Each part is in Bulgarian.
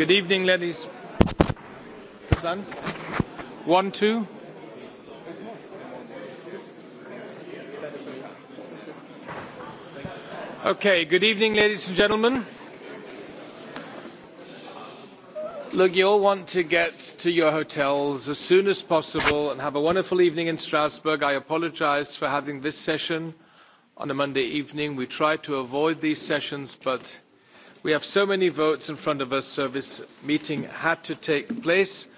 Good evening, ladies. One, two. Okay, good evening, ladies and gentlemen. Look, you all want to get to your hotels as soon as possible and have a wonderful evening in Strasbourg. I apologize for having this session on a Monday evening. We try to avoid these sessions, but We have so many votes in front of us, so this meeting had to take place.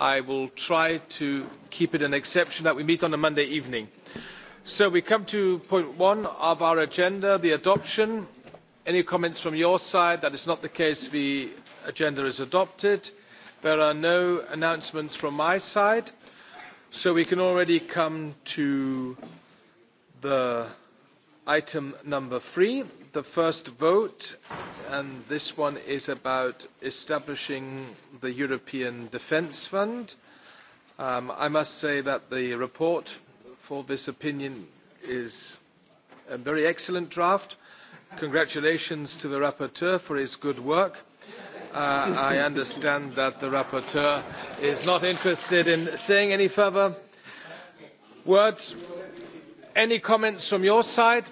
I will try to keep it an exception that we meet on a Monday evening. So we come to point one of our agenda, the adoption. Any comments from your side? That is not the case. The agenda is adopted. There are no announcements from my side. So we can already come to the item number three, the first vote, and this one is about establishing the European Defence Fund. Um, I must say that the report for this opinion is a very excellent draft. Congratulations to the rapporteur for his good work. Uh, I understand that the rapporteur is not interested in saying any further words. Any comments from your side?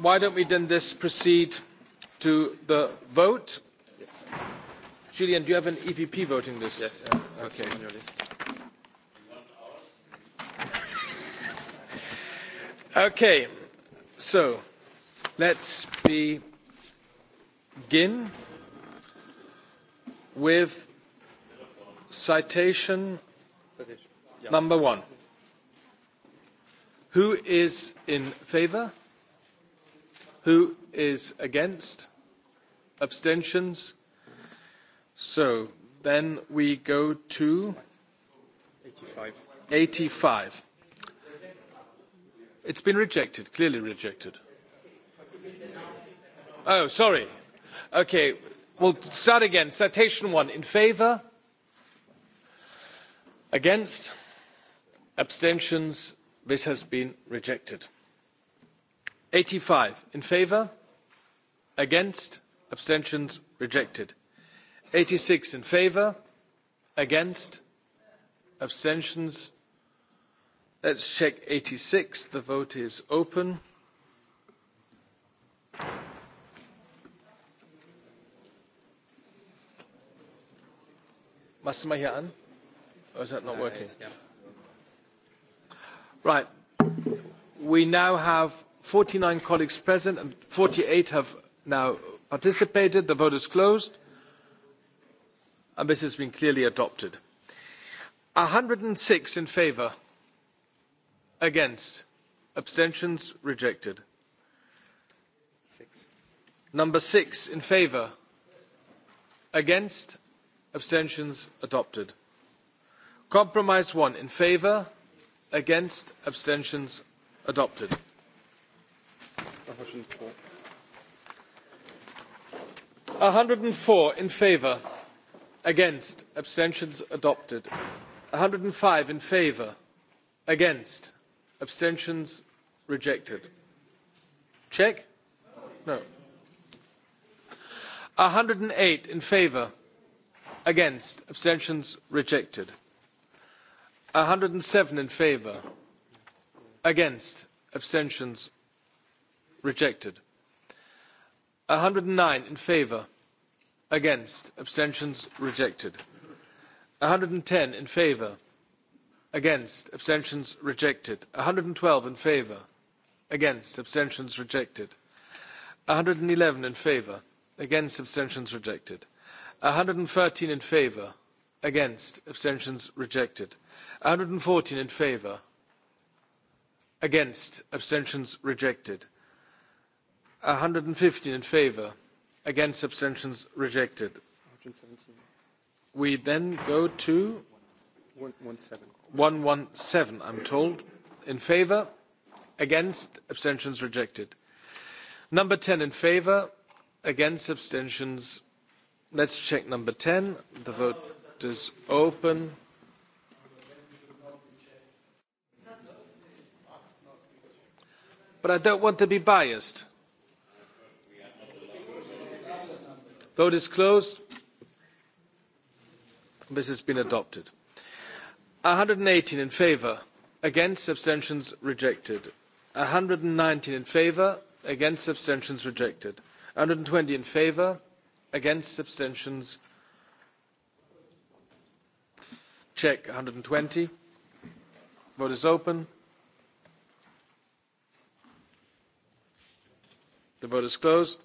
why don't we then this proceed to the vote? Yes. Julian, do you have an EPP voting list? Yes. Uh, okay. On your list. Okay, so let's begin with citation number one. Who is in favour? Who is against? Abstentions? So then we go to 85. 85. It's been rejected, clearly rejected. Oh, sorry. Okay, we'll start again. Citation one in favour? Against? Abstentions? This has been rejected eighty five in favour against abstentions rejected eighty six in favour against abstentions let's check eighty six the vote is open machst du mal hier an or is that not working right we now have forty nine colleagues present and forty eight have now participated. The vote is closed. And this has been clearly adopted. One hundred and six in favour. Against. Abstentions rejected. Six. Number six in favour. Against. Abstentions adopted. Compromise one in favour. Against. Abstentions adopted. A hundred and four in favour. Against. Abstentions adopted. hundred and five in favour. Against. Abstentions rejected. Check? No. hundred and eight in favour. Against. Abstentions rejected. hundred and seven in favour. Against. Abstentions Rejected. 109 in favour. Against. Abstentions rejected. 110 in favour. Against. Abstentions rejected. 112 in favour. Against. Abstentions rejected. 111 in favour. Against. Abstentions rejected. 113 in favour. Against. Abstentions rejected. 114 in favour. Against. Abstentions rejected hundred and fifteen in favour against abstentions rejected we then go to one one seven i'm told in favour against abstentions rejected number ten in favour against abstentions let's check number ten the vote is open but i don't want to be biased Vote is closed. This has been adopted. One hundred and eighteen in favour, against abstentions rejected. One hundred and nineteen in favour, against abstentions rejected. One hundred and twenty in favour, against abstentions check one hundred and twenty. Vote is open. The vote is closed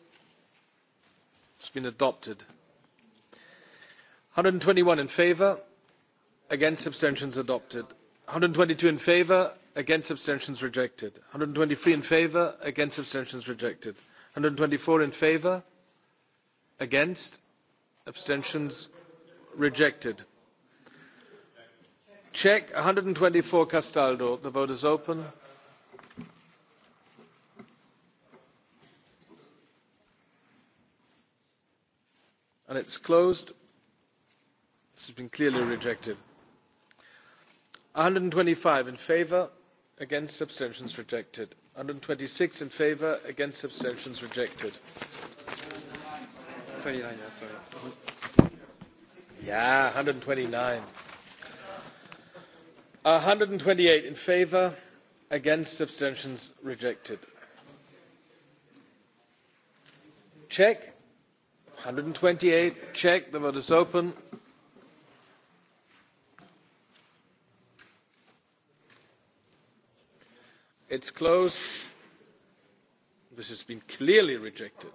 It's been adopted. 121 in favour. Against abstentions adopted. 122 in favour. Against abstentions rejected. 123 in favour. Against abstentions rejected. 124 in favour. Against abstentions rejected. Check 124 Castaldo. The vote is open. and it's closed. This has been clearly rejected. 125 in favour, against abstentions rejected. 126 in favour, against abstentions rejected. 29, yeah, sorry. Yeah, 129. 128 in favour, against abstentions rejected. Check. 128 check. The vote is open. It's closed. This has been clearly rejected.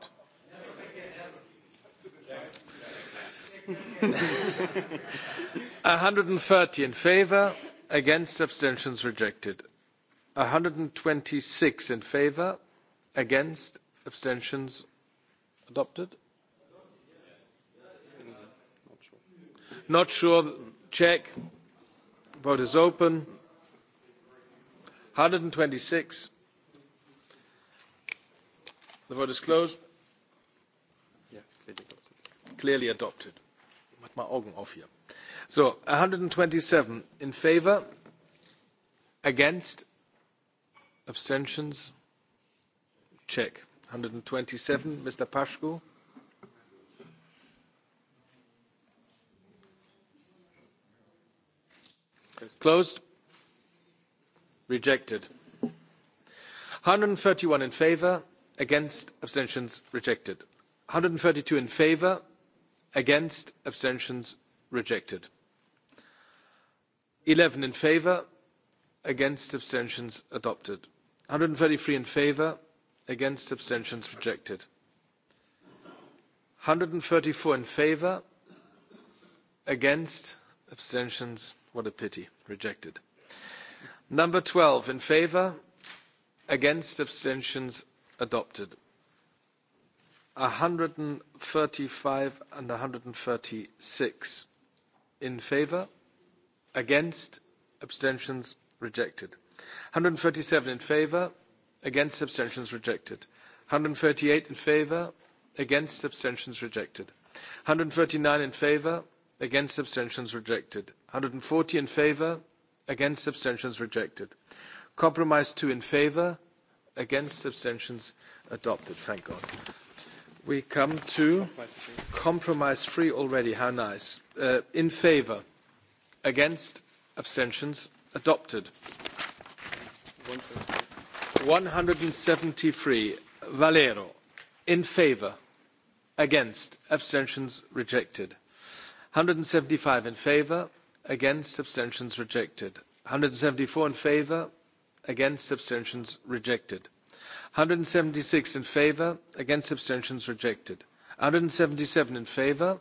One hundred and thirty in favour, against abstentions rejected. One hundred and twenty six in favour, against abstentions adopted. Not sure. Check. Vote is open. Hundred and twenty six. The vote is closed. Clearly adopted. so one Augen and twenty So, in favor, against, abstentions, check. Hundred and twenty seven, Mr. pacu Closed. Rejected. 131 in favor, against, abstentions rejected. 132 in favor, against, abstentions rejected. 11 in favor, against, abstentions adopted. 133 in favor, against, abstentions rejected. 134 in favor, against, abstentions What a pity. Rejected. Number 12 in favour? against abstentions adopted. 135 and 136 in favour? against abstentions rejected. 137 in favour? against abstentions rejected. 138 in favour? against abstentions rejected. 139 in favour? against abstentions rejected 140 in favor against abstentions rejected compromise 2 in favor against abstentions adopted thank god we come to compromise three already how nice uh, in favor against abstentions adopted 173 valero in favor against abstentions rejected 175 in favour, against, abstentions rejected. 174 in favour, against, abstentions rejected. 176 in favour, against, abstentions rejected. 177 in favour?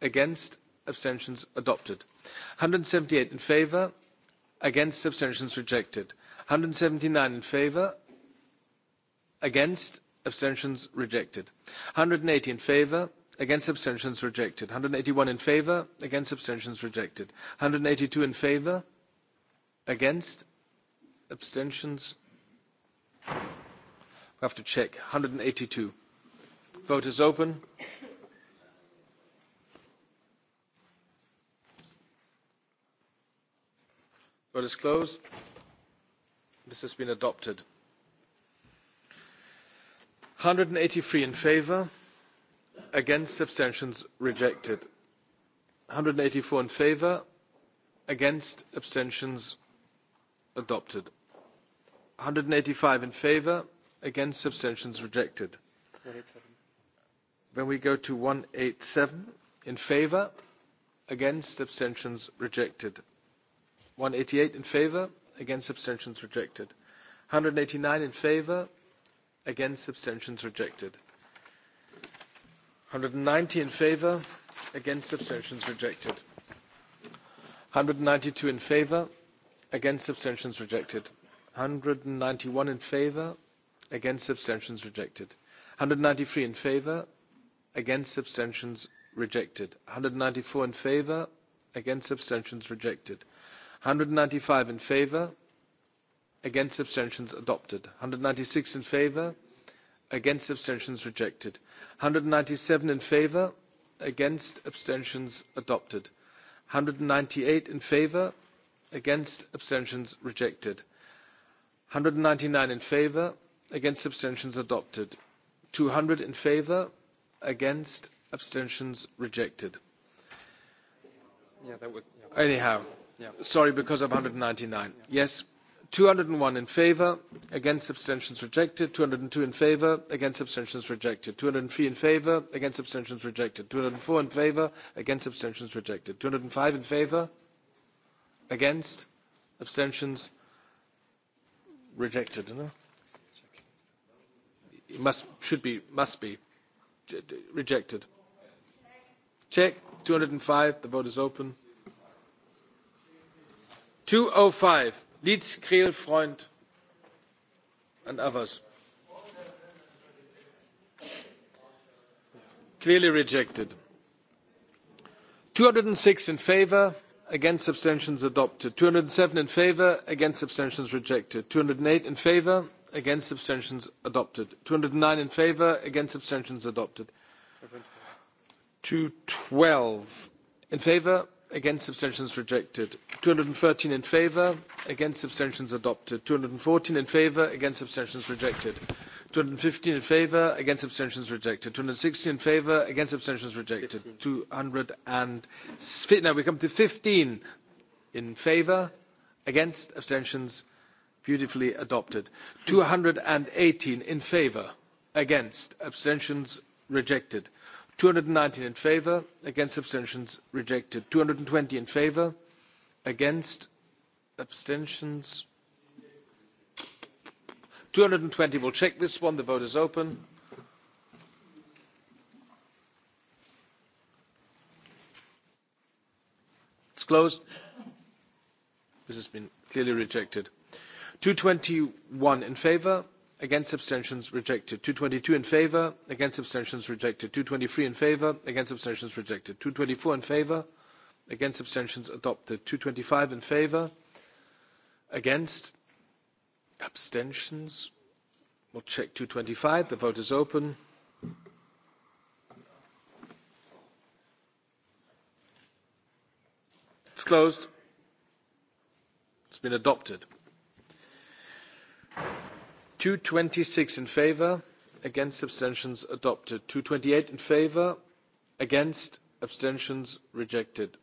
against, abstentions adopted. 178 in favour. against, abstentions rejected. 179 in favour. against, abstentions rejected. 180 in favour against abstentions rejected 181 in favor against abstentions rejected 182 in favor against abstentions we have to check 182 vote is open vote is closed this has been adopted 183 in favor against abstentions rejected 184 in favor against abstentions adopted 185 in favor against abstentions rejected when we go to 187 in favor against abstentions rejected 188 in favor against abstentions rejected 189 in favor against abstentions rejected 190 in favour, against abstentions rejected. 192 in favor, against abstentions rejected. 191 in favour, against abstentions rejected. 193 in favor, against abstentions rejected. 194 in favour? against abstentions rejected. 195 in favour. against abstentions adopted. 196 in favor, against abstentions rejected Hundred and ninety seven in favour? against abstentions adopted Hundred and ninety-eight in favour? against abstentions rejected nine in favour against abstentions adopted Two hundred in favour? against abstentions rejected yeah that would anyhow sorry because of 199 yes 201 in favour, against abstentions rejected. 202 in favour, against abstentions rejected. 203 in favour, against abstentions rejected. 204 in favour, against abstentions rejected. 205 in favour? against abstentions rejected. No? It must should be must be rejected. Check 205. The vote is open. 205. Leeds, Creel, Freund, and others. Clearly rejected. 206 in favour, against abstentions adopted. 207 in favour, against abstentions rejected. 208 in favour, against abstentions adopted. 209 in favour, against abstentions adopted. 212 in favour, against abstentions rejected. 213 in favour, against abstentions adopted 214 in favour, against abstentions rejected 215 in favour, against abstentions rejected 216 in favour, against abstentions rejected 200 and now we come to 15 in favor against abstentions beautifully adopted 218 in favour. against abstentions rejected 219 in favour. against abstentions rejected 220 in favour, against Abstentions? 220. We'll check this one. The vote is open. It's closed. This has been clearly rejected. 221 in favor, against abstentions rejected. 222 in favor, against abstentions rejected. 223 in favor, against abstentions rejected. 224 in favor, against abstentions adopted. 225 in favor, Against? Abstentions? We'll check 225. The vote is open. It's closed. It's been adopted. 226 in favor, against abstentions adopted. 228 in favor, against abstentions rejected.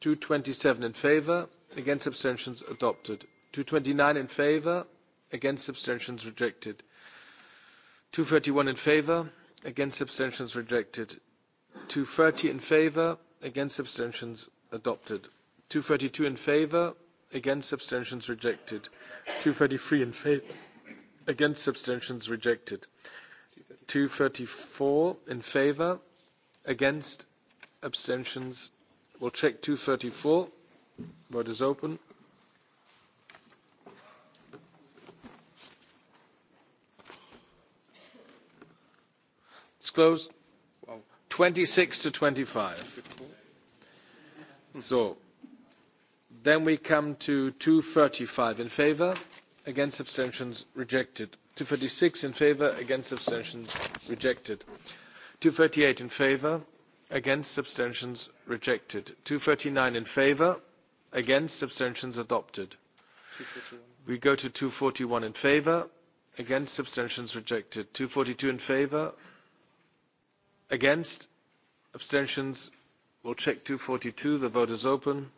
227 in favor, against abstentions adopted. 229 in favor, against abstentions rejected. 231 in favor, against abstentions rejected. 230 in favor, against abstentions adopted. 232 in favor, against abstentions rejected. 233 in favor, against abstentions rejected. 234 in favor, against abstentions. We'll check 234. Vote is open. It's closed. 26 to 25. So then we come to 235 in favor, against abstentions rejected. 236 in favor, against abstentions rejected. 238 in favor, against abstentions rejected. 239 in favor, Against, abstentions adopted. We go to 241 in favor. Against, abstentions rejected. 242 in favor. Against, abstentions. We'll check 242. The vote is open.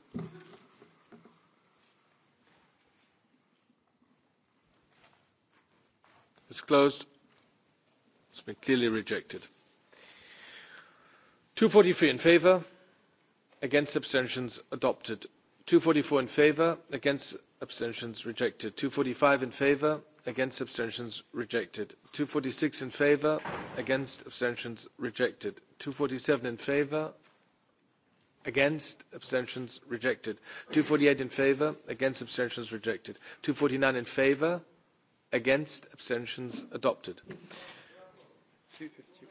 It's closed. It's been clearly rejected. 243 in favor. Against, abstentions adopted. 244 in favour, against abstentions rejected. 245 in favour, against abstentions rejected. 246 in favour, against abstentions rejected. 247 in favour? against abstentions rejected. 248 in favour. against abstentions rejected. 249 in favour? against abstentions adopted.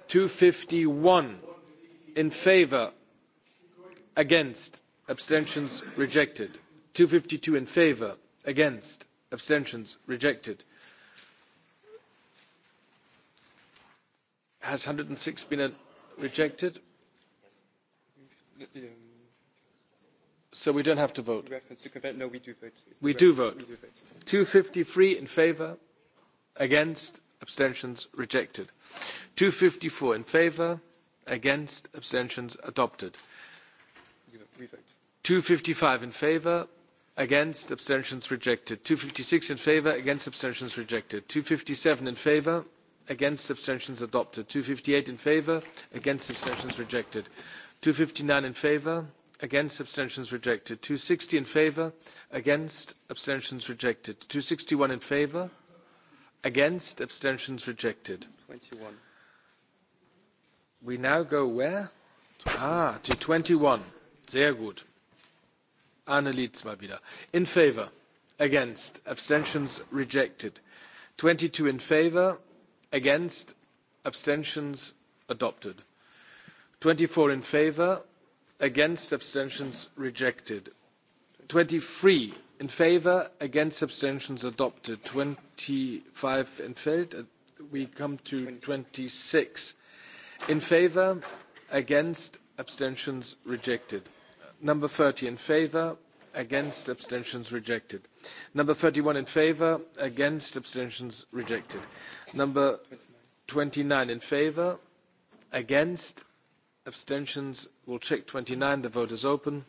251 in favor, against abstentions rejected 252 in favor against abstentions rejected has 106 been rejected so we don't have to vote no we do vote we do vote 253 in favor against abstentions rejected 254 in favor against abstentions adopted 255 in favor, against, abstentions rejected. 256 in favor, against, abstentions rejected. 257 in favor, against, abstentions adopted. 258 in favor, against, abstentions rejected. 259 in favor, against, abstentions rejected. 260 in favor, against, abstentions rejected. 261 in favor, against, abstentions rejected. 21. We now go where? Ah, to 21. Sehr gut. Annelies mal wieder. In favor, against, abstentions rejected. 22 in favor, against, abstentions adopted. 24 in favor, against, abstentions rejected. 23 in favor, against, abstentions adopted. 25 in failed. we come to 26. In favor, against, abstentions rejected. Number 30 in favour, against, abstentions rejected. Number 31 in favour, against, abstentions rejected. Number 29 in favour? against, abstentions. We'll check 29. The vote is open.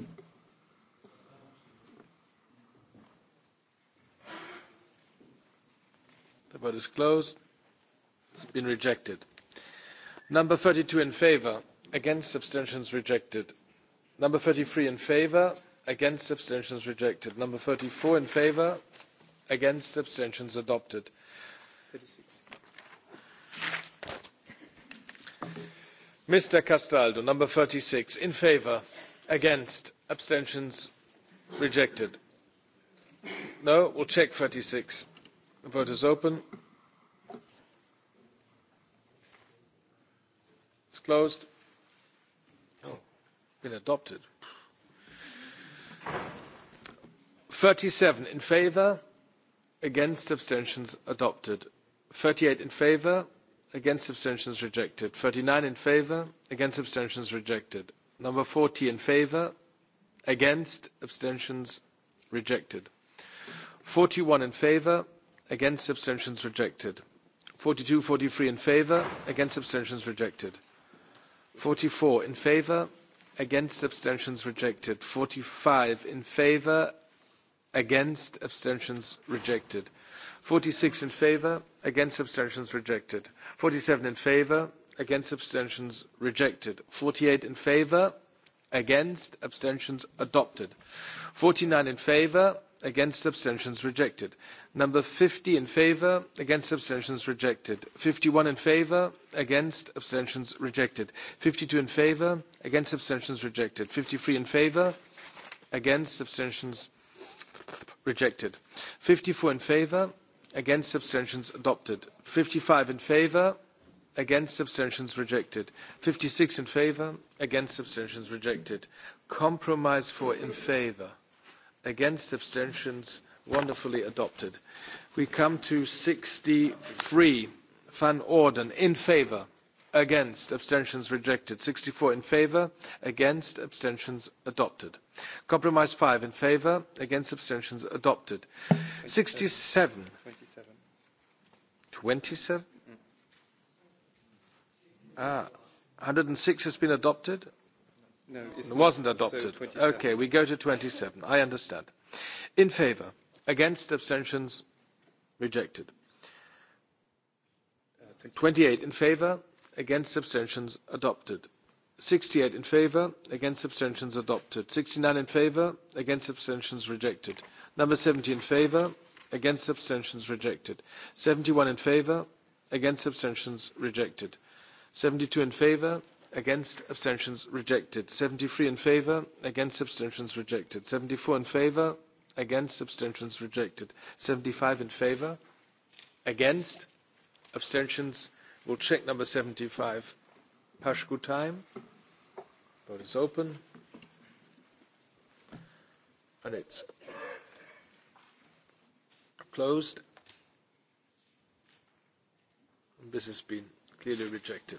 The vote is closed. It's been rejected. Number 32 in favour? against, abstentions rejected. Number 33 in favour, against abstentions rejected. Number 34 in favour, against abstentions adopted. 36. Mr. Castaldo, number 36, in favour, against abstentions rejected. No, we'll check 36. The vote is open. It's closed been adopted. 37 in favor, against abstentions adopted. 38 in favor, against abstentions rejected. 39 in favor, against abstentions rejected. Number 40 in favor, against abstentions rejected. 41 in favor, against abstentions rejected. 42, 43 in favor, against abstentions rejected. 44 in favor, against abstentions rejected Forty five in favour. against abstentions rejected Forty six in favour. against abstentions rejected Forty seven in favour. against abstentions rejected Forty eight in favour? against abstentions adopted Forty nine in favour against abstentions rejected number 50 in favor against abstentions rejected 51 in favor against abstentions rejected 52 in favor against abstentions rejected 53 in favor against abstentions rejected 54 in favor against abstentions adopted 55 in favor against abstentions rejected 56 in favor against abstentions rejected compromise for in favor against abstentions wonderfully adopted. We come to 63 van Orden in favor against abstentions rejected 64 in favor against abstentions adopted compromise five in favor against abstentions adopted 67 27 ah 106 has been adopted No, it wasn't adopted. So okay, we go to 27. I understand. In favor, Against abstentions rejected. 28 in favor, Against abstentions adopted. 68 in favor, Against abstentions adopted. 69 in favor, Against abstentions rejected. Number 70 in favor, Against abstentions rejected. 71 in favor, Against abstentions rejected. 72 in favor, against abstentions rejected 73 in favor against abstentions rejected 74 in favor against abstentions rejected 75 in favor against abstentions we'll check number 75 pashku time vote is open and it's closed this has been clearly rejected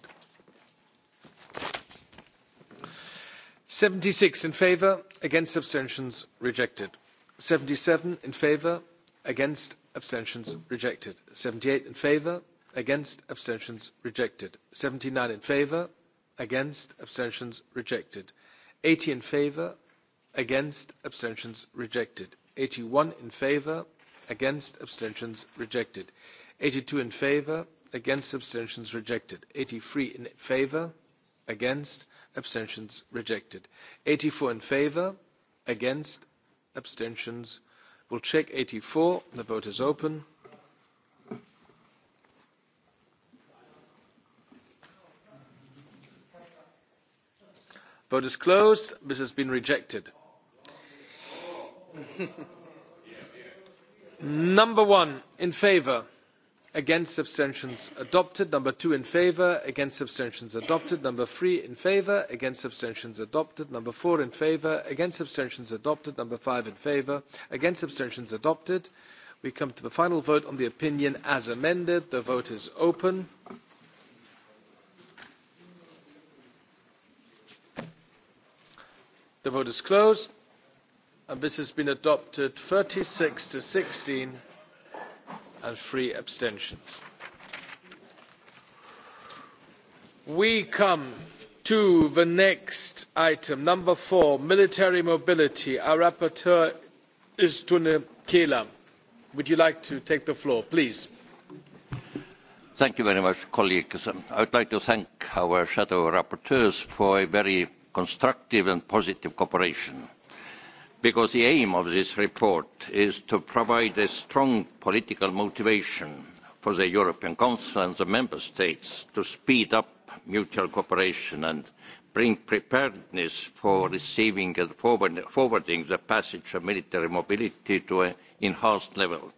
seventy six in favour against abstentions rejected seventy seven in favour against abstentions rejected seventy eight in favour against abstentions rejected seventy nine in favour against abstentions rejected eighty in favour against abstentions rejected eighty one in favour against abstentions rejected eighty two in favour against abstentions rejected eighty three in favour against abstentions rejected. 84 in favor, against, abstentions. We'll check 84. The vote is open. Vote is closed. This has been rejected. Number one in favor against abstentions adopted number two in favour against abstentions adopted number three in favour against abstentions adopted number four in favour against abstentions adopted number five in favour against abstentions adopted we come to the final vote on the opinion as amended the vote is open the vote is closed and this has been adopted 36 to 16 and three abstentions. We come to the next item, number four, military mobility. Our rapporteur is Tune Kela. Would you like to take the floor, please? Thank you very much, colleagues. I would like to thank our shadow rapporteurs for a very constructive and positive cooperation because the aim of this report is to provide a strong political motivation for the European Council and the Member States to speed up mutual cooperation and bring preparedness for receiving and forwarding the passage of military mobility to an enhanced level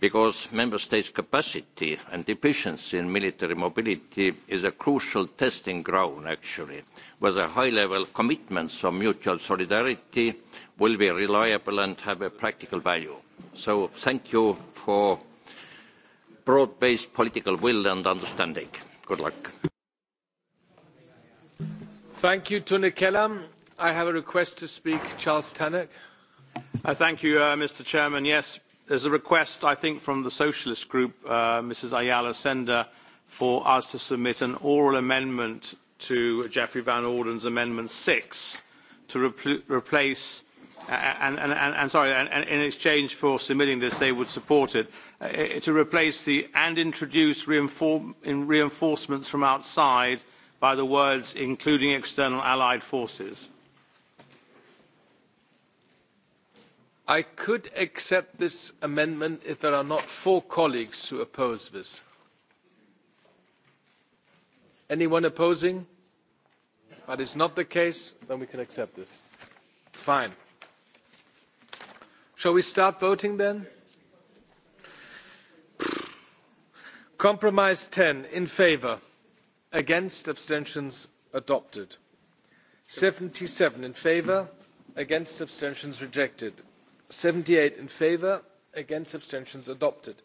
because member states' capacity and efficiency in military mobility is a crucial testing ground, actually, whether high-level commitments of mutual solidarity will be reliable and have a practical value. So thank you for broad-based political will and understanding. Good luck. Thank you, Tony Kellam. I have a request to speak, Charles Tannock. Mr. President. Yes, There's a request, I think, from the Socialist Group, uh, Mrs. Ayala Sender, for us to submit an oral amendment to Geoffrey Van Orden's Amendment 6 to repl replace and, and, and, and sorry, and, and in exchange for submitting this, they would support it, uh, to replace the and introduce in reinforcements from outside by the words including external allied forces. I could accept this amendment if there are not four colleagues who oppose this. Anyone opposing? That is not the case, then we can accept this. Fine. Shall we start voting then? Compromise ten in favour. Against abstentions adopted. Seventy seven in favour. Against abstentions rejected seventy eight in favour against abstentions adopted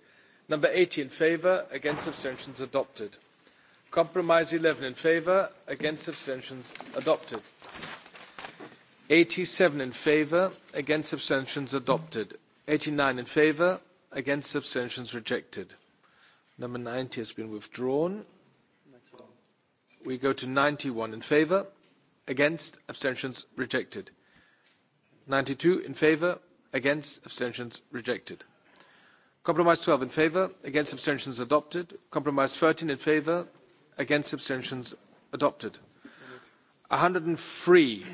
number eighty in favour against abstentions adopted compromise eleven in favour against abstentions adopted eighty seven in favour against abstentions adopted eighty nine in favour against abstentions rejected number ninety has been withdrawn we go to ninety one in favour against abstentions rejected ninety two in favour Against, abstentions rejected. Compromise 12 in favor, against abstentions adopted. Compromise 13 in favor, against abstentions adopted. 103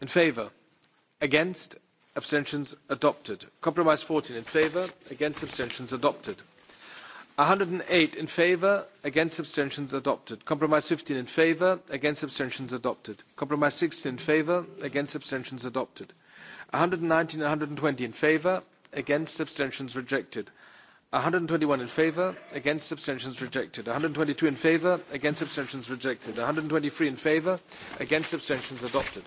in favor, against abstentions adopted. Compromise 14 in favor, against abstentions adopted. 108 in favor, against abstentions adopted. Compromise 15 in favor, against abstentions adopted. Compromise 16 in favor, against abstentions adopted. 119 and 120 in favour, against abstentions rejected. 121 in favour, against abstentions rejected. 122 in favour, against abstentions rejected. 123 in favour, against abstentions adopted.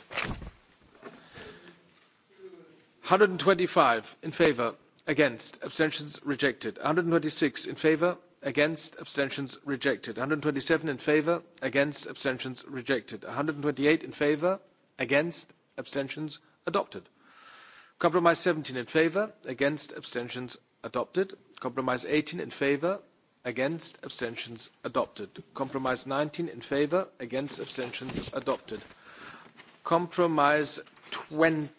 125 in favour, against abstentions rejected. 126 in favour, against abstentions rejected. 127 in favour, against abstentions rejected. 128 in favour, against abstentions adopted. Compromise 17 in favour, against abstentions adopted. Compromise 18 in favour, against abstentions adopted. Compromise 19 in favour, against abstentions adopted. Compromise 20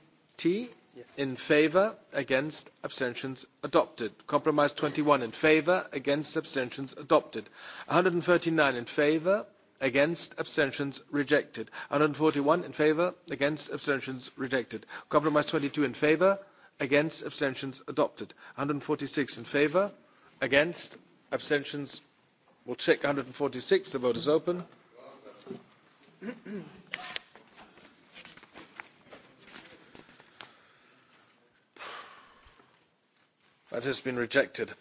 in favour, against abstentions adopted. Compromise 21 in favour, against abstentions adopted. 139 in favour, against abstentions rejected 141 in favor against abstentions rejected compromise 22 in favor against abstentions adopted 146 in favor against abstentions we'll check 146 the vote is open that has been rejected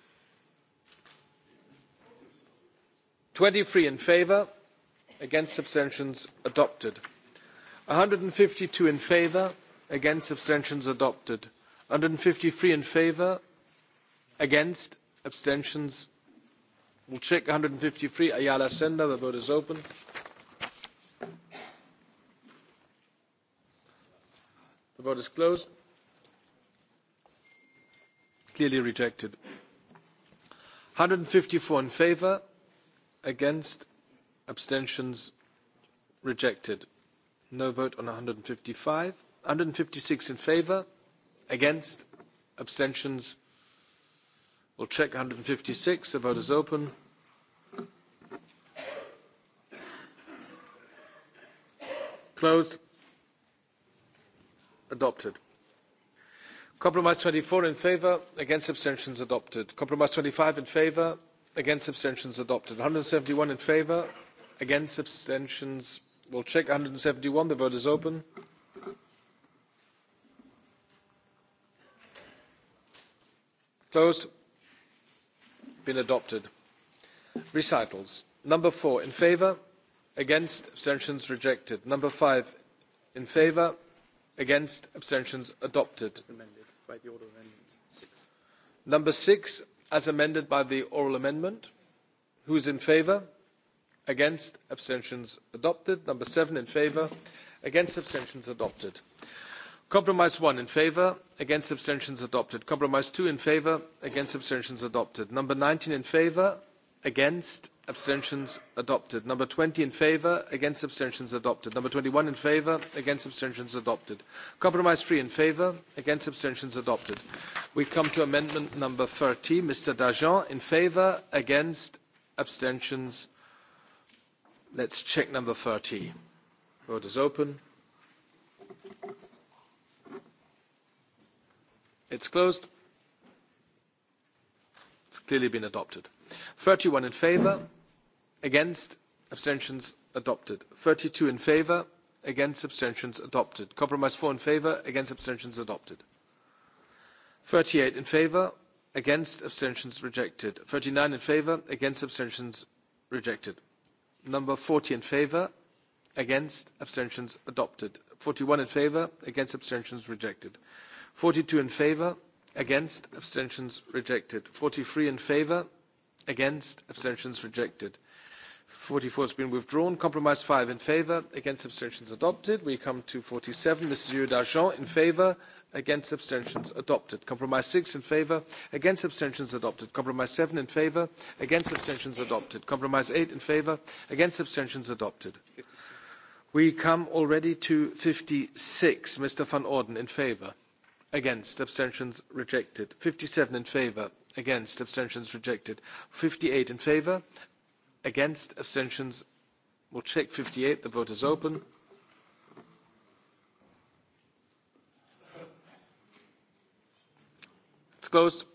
23 in favor against abstentions adopted 152 in favour against abstentions adopted 153 in favour against abstentions we'll check 153 ayala senda the vote is open the vote is closed clearly rejected 154 in favour against abstentions rejected no vote on 155 156 in favor against abstentions we'll check 156 the vote is open closed adopted compromise 24 in favor against abstentions adopted compromise 25 in favor against abstentions adopted 171 in favor Against abstentions. We'll check 171. The vote is open. Closed. Been adopted. Recitals. Number four, in favour. Against, abstentions rejected. Number five, in favour. Against, abstentions adopted. As amended by the oral amendment. Six. Number six, as amended by the oral amendment. Who's in favour? against abstentions adopted number seven in favour against abstentions adopted compromise one in favour against abstentions adopted compromise two in favour against abstentions adopted number nineteen in favour against abstentions adopted number twenty in favour against abstentions adopted number twenty one in favour against abstentions adopted compromise three in favour against abstentions adopted we come to amendment number thirty mr Dajon in favour against abstentions Let's check number 30. Vote is open. It's closed. It's clearly been adopted. 31 in favor, against, abstentions adopted. 32 in favor, against, abstentions adopted. Compromise 4 in favor, against, abstentions adopted. 38 in favor, against, abstentions rejected. 39 in favor, against, abstentions rejected. Number 40 in favour, against, abstentions adopted. 41 in favour, against, abstentions rejected. 42 in favour, against, abstentions rejected. 43 in favour, against, abstentions rejected. 44 has been withdrawn. Compromise 5 in favour, against, abstentions adopted. We come to 47. Mr. Dargent in favour, against abstentions adopted compromise six in favour against abstentions adopted compromise seven in favour against abstentions adopted compromise eight in favour against abstentions adopted we come already to fifty six mr van orden in favour against abstentions rejected fifty seven in favour against abstentions rejected fifty eight in favour against abstentions we'll check fifty eight the vote is open Closed.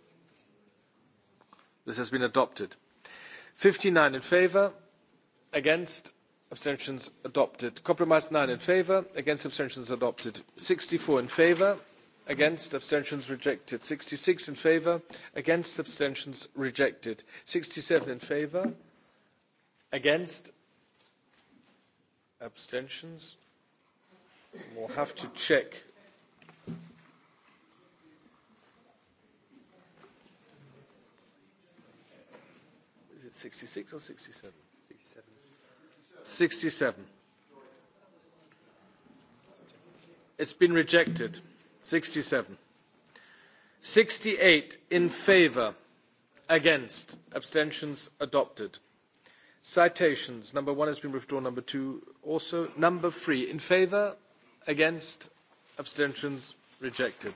This has been adopted. 59 in favor, against, abstentions adopted. Compromise 9 in favor, against, abstentions adopted. 64 in favor, against, abstentions rejected. 66 in favor, against, abstentions rejected. 67 in favor, against, abstentions. We'll have to check. 66 or 67? 67. 67. It's been rejected. 67. 68 in favour. Against. Abstentions adopted. Citations. Number one has been withdrawn. Number two also. Number three in favour. Against. Abstentions rejected.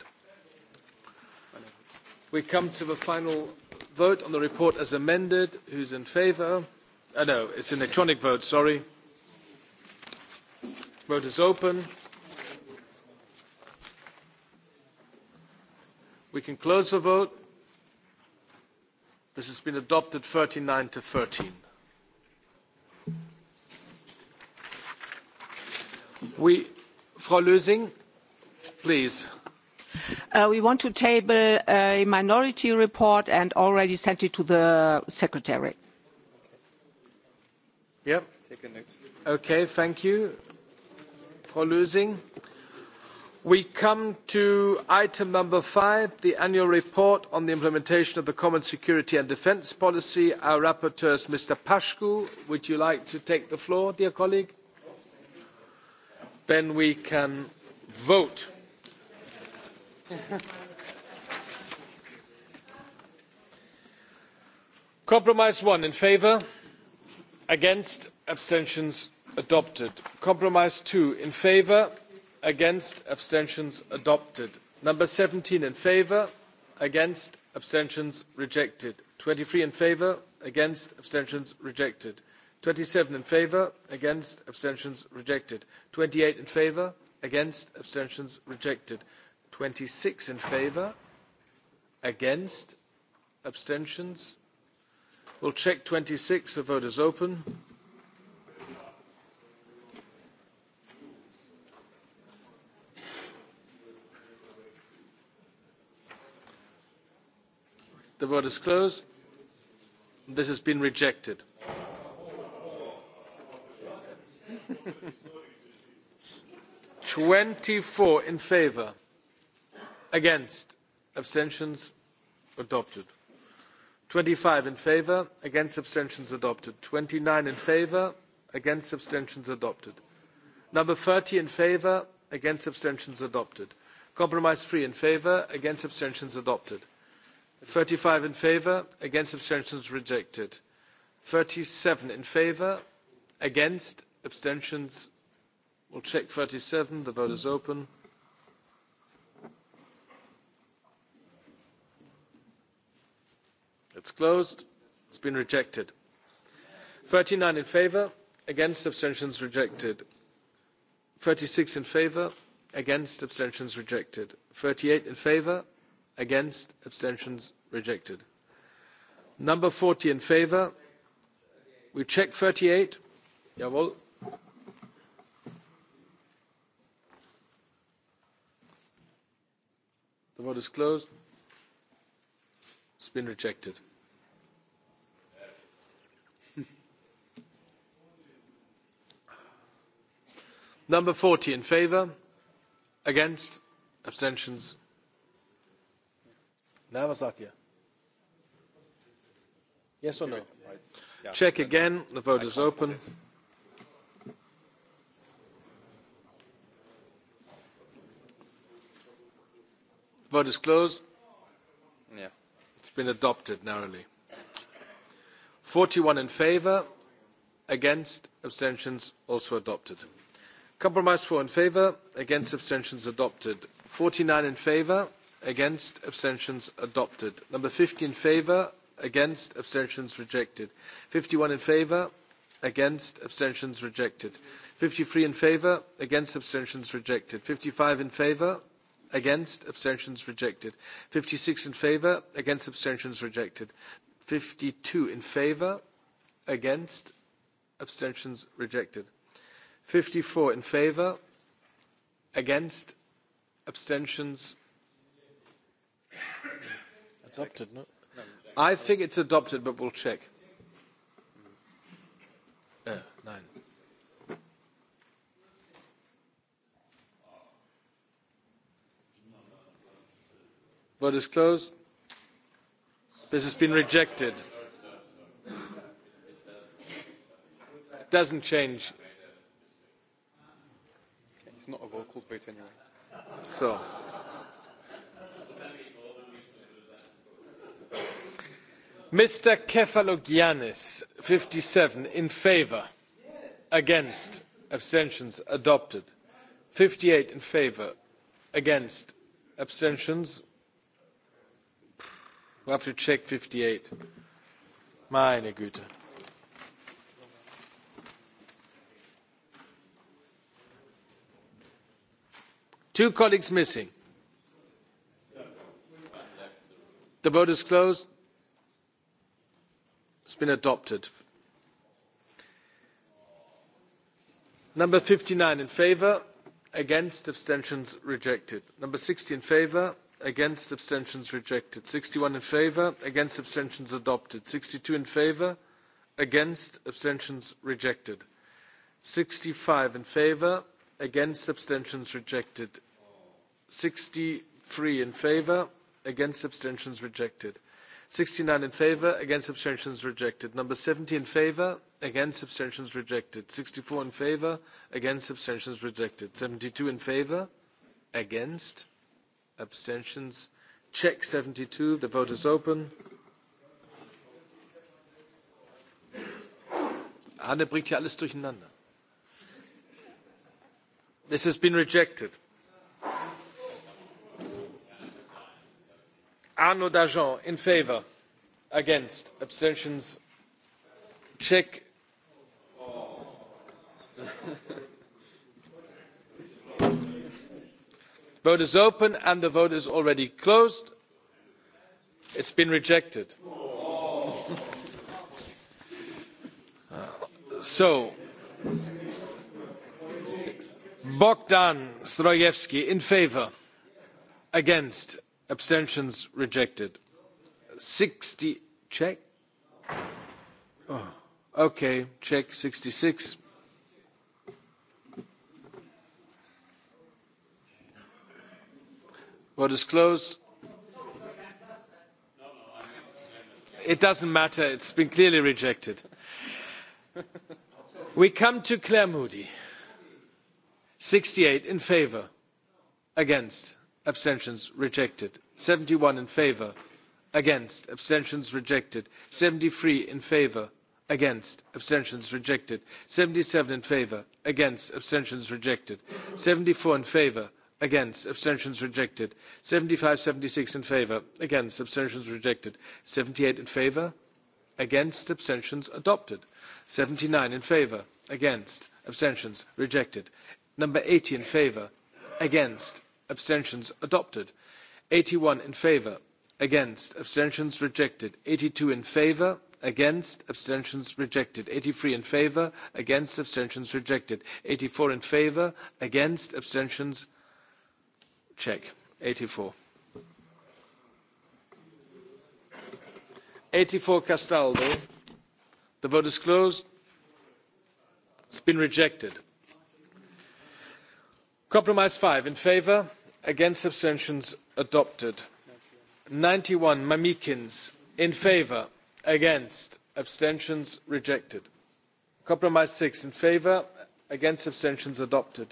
We come to the final vote on the report as amended. Who's in favour? Uh, no, it's an electronic vote, sorry. Vote is open. We can close the vote. This has been adopted 39 to 13. We, Frau Lösing, please we want to table a minority report and already sent it to the secretary. Yep. Okay, thank you. for losing. We come to item number five, the annual report on the implementation of the Common Security and Defence Policy. Our rapporteur is Mr. Pashku. Would you like to take the floor, dear colleague? Then we can vote compromise one in favour against abstentions adopted compromise two in favour against abstentions adopted number seventeen in favour against abstentions rejected twenty three in favour against abstentions rejected twenty seven in favour against abstentions rejected twenty eight in favour against abstentions rejected 26 in favor. Against? Abstentions? We'll check 26. The vote is open. The vote is closed. This has been rejected. Twenty four in favour against abstentions adopted 25 in favor against abstentions adopted 29 in favor against abstentions adopted number 30 in favor against abstentions adopted compromise 3 in favor against abstentions adopted 35 in favor against abstentions rejected 37 in favor against abstentions we'll check 37 the vote is open It's closed. It's been rejected. 39 in favor. Against abstentions rejected. 36 in favor. Against abstentions rejected. 38 in favor. Against abstentions rejected. Number 40 in favor. We check 38. Jawohl. The vote is closed. It's been rejected. Number 40 in favour. Against. Abstentions. Navasakya. Yes or no? Check again. The vote is open. Vote is closed been adopted narrowly. 41 in favour, against, abstentions also adopted. Compromise 4 in favour, against, abstentions adopted. 49 in favour, against, abstentions adopted. Number 50 in favour, against, abstentions rejected. 51 in favour, against, abstentions rejected. 53 in favour, against, abstentions rejected. 55 in favour, against abstentions rejected 56 in favor against abstentions rejected 52 in favor against abstentions rejected 54 in favor against abstentions adopted no i think it's adopted but we'll check Vote is closed. This has been rejected. It doesn't change. It's not a vocal vote anyway. So. Mr. Kefalogiannis, 57, in favour. Against. Abstentions adopted. 58 in favour Against. Abstentions We'll have to check 58. Meine Güte. Two colleagues missing. The vote is closed. It's been adopted. Number 59 in favor, against, abstentions rejected. Number 60 in favor, against abstentions rejected Sixty one in favour, against abstentions adopted Sixty two in favour? against abstentions rejected Sixty five in favour, against abstentions rejected Sixty three in favour, against abstentions rejected Sixty nine in favour, against abstentions rejected number seventy in favour, against abstentions rejected Sixty four in favour, against abstentions rejected Seventy two in favour? against abstentions. Check 72. The vote is open. Anne bringt hier alles durcheinander. This has been rejected. Arnaud Dajon in favour. Against. Abstentions. Check. vote is open and the vote is already closed it's been rejected so bogdan zdrojewski in favour against abstentions rejected sixty check oh, okay check sixty six Vote is closed. It doesn't matter. It's been clearly rejected. We come to Claire Moody. 68 in favour. Against. Abstentions rejected. 71 in favour. Against. Abstentions rejected. 73 in favour against abstentions rejected 77 in favour against abstentions rejected 74 in favour against abstentions rejected Seventy five, seventy six in favour, against abstentions rejected Seventy eight in favour? against abstentions adopted Seventy nine in favour. against abstentions rejected number eighty in favour. against abstentions adopted Eighty one in favour. against abstentions rejected Eighty two in favour. against abstentions rejected 83 in favour. against abstentions rejected 84 in favour. against abstentions Check. 84. 84 Castaldo. The vote is closed. It's been rejected. Compromise 5 in favor against abstentions adopted. 91 Mamikins in favor against abstentions rejected. Compromise 6 in favor against abstentions adopted.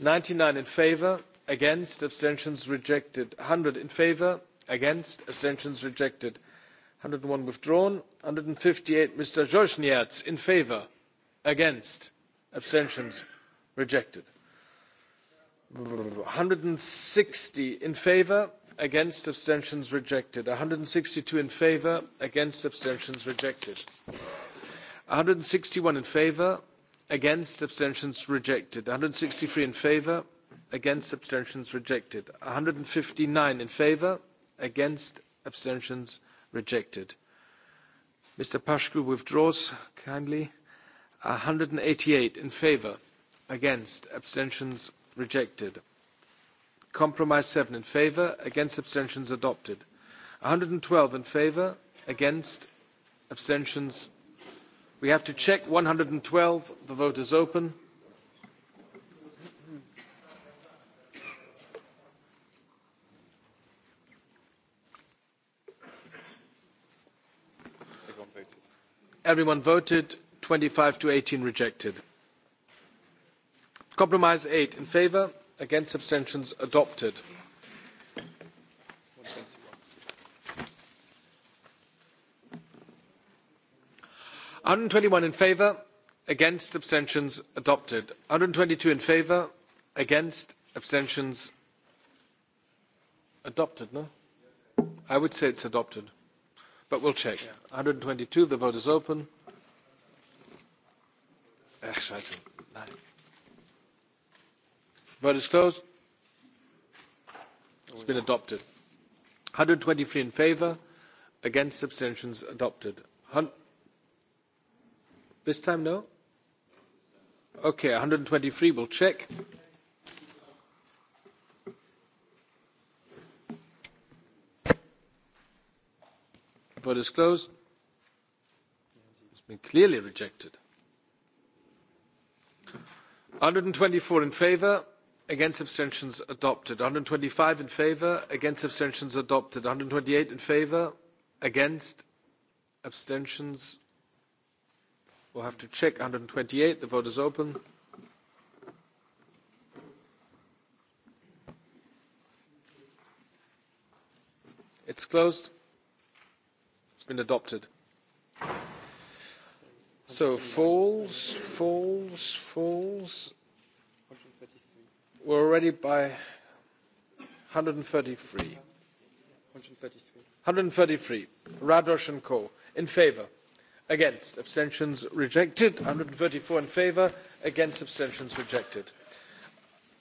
99 in favor against abstentions rejected one hundred in favour against abstentions rejected one hundred and one withdrawn one hundred and fifty eight mr sonierz in favour against abstentions rejected one hundred and sixty in favour against abstentions rejected one hundred and sixty two in favour against abstentions rejected one hundred and sixty one in favour against abstentions rejected one hundred and sixty three in favour against abstentions rejected 159 in favor against abstentions rejected mr pashku withdraws kindly 188 in favor against abstentions rejected compromise 7 in favor against abstentions adopted 112 in favor against abstentions we have to check 112 the vote is open Everyone voted. twenty five to eighteen rejected. Compromise eight in favour. Against abstentions adopted. One hundred and twenty one in favour. Against abstentions adopted. One hundred and twenty two in favour. Against abstentions adopted, no? I would say it's adopted. But we'll check. 122, the vote is open. Ach, scheiße. Nein. Vote is closed. It's been adopted. 123 in favour, against abstentions adopted. Hun- this time, no? Okay, 123, we'll check. Vote is closed. It's been clearly rejected. 124 in favour, against abstentions adopted. 125 in favour, against abstentions adopted. 128 in favour? against abstentions. We'll have to check 128. The vote is open. It's closed been adopted. So falls, falls, falls. We're already by 133. 133. 133. Radosh and Co. In favour. Against. Abstentions rejected. 134 in favour. Against. Abstentions rejected.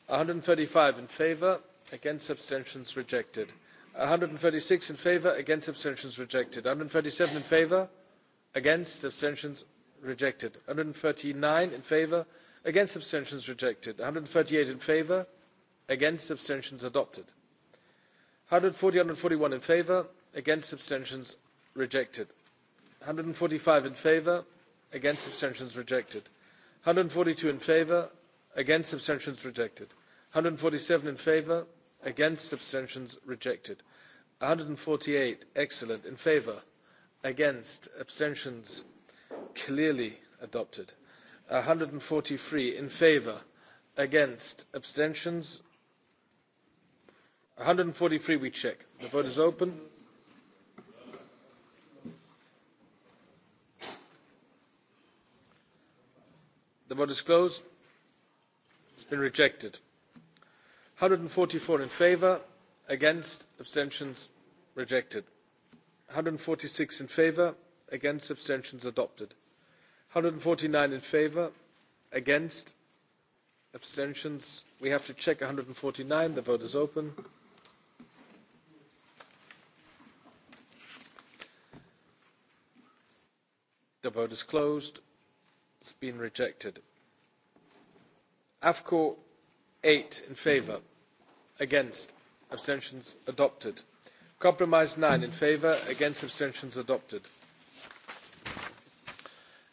135 in favour. Against. Abstentions rejected hundred and thirty six in favour against abstentions rejected one hundred and thirty seven in favour against abstentions rejected one hundred and thirty nine in favour against abstentions rejected one hundred and thirty eight in favour against abstentions adopted one hundred and forty one hundred and forty one in favour against abstentions rejected one hundred and forty five in favour against abstentions rejected one hundred and forty two in favour against abstentions rejected one hundred and forty seven in favour against abstentions rejected one hundred and forty eight excellent in favour against abstentions clearly adopted one hundred and forty three in favour against abstentions one hundred and forty three we check the vote is open the vote is closed it's been rejected 144 in favour, against, abstentions rejected. 146 in favour, against, abstentions adopted. 149 in favour, against, abstentions. We have to check 149. The vote is open. The vote is closed. It's been rejected. AFCO 8 in favour against abstentions adopted compromise 9 in favour against abstentions adopted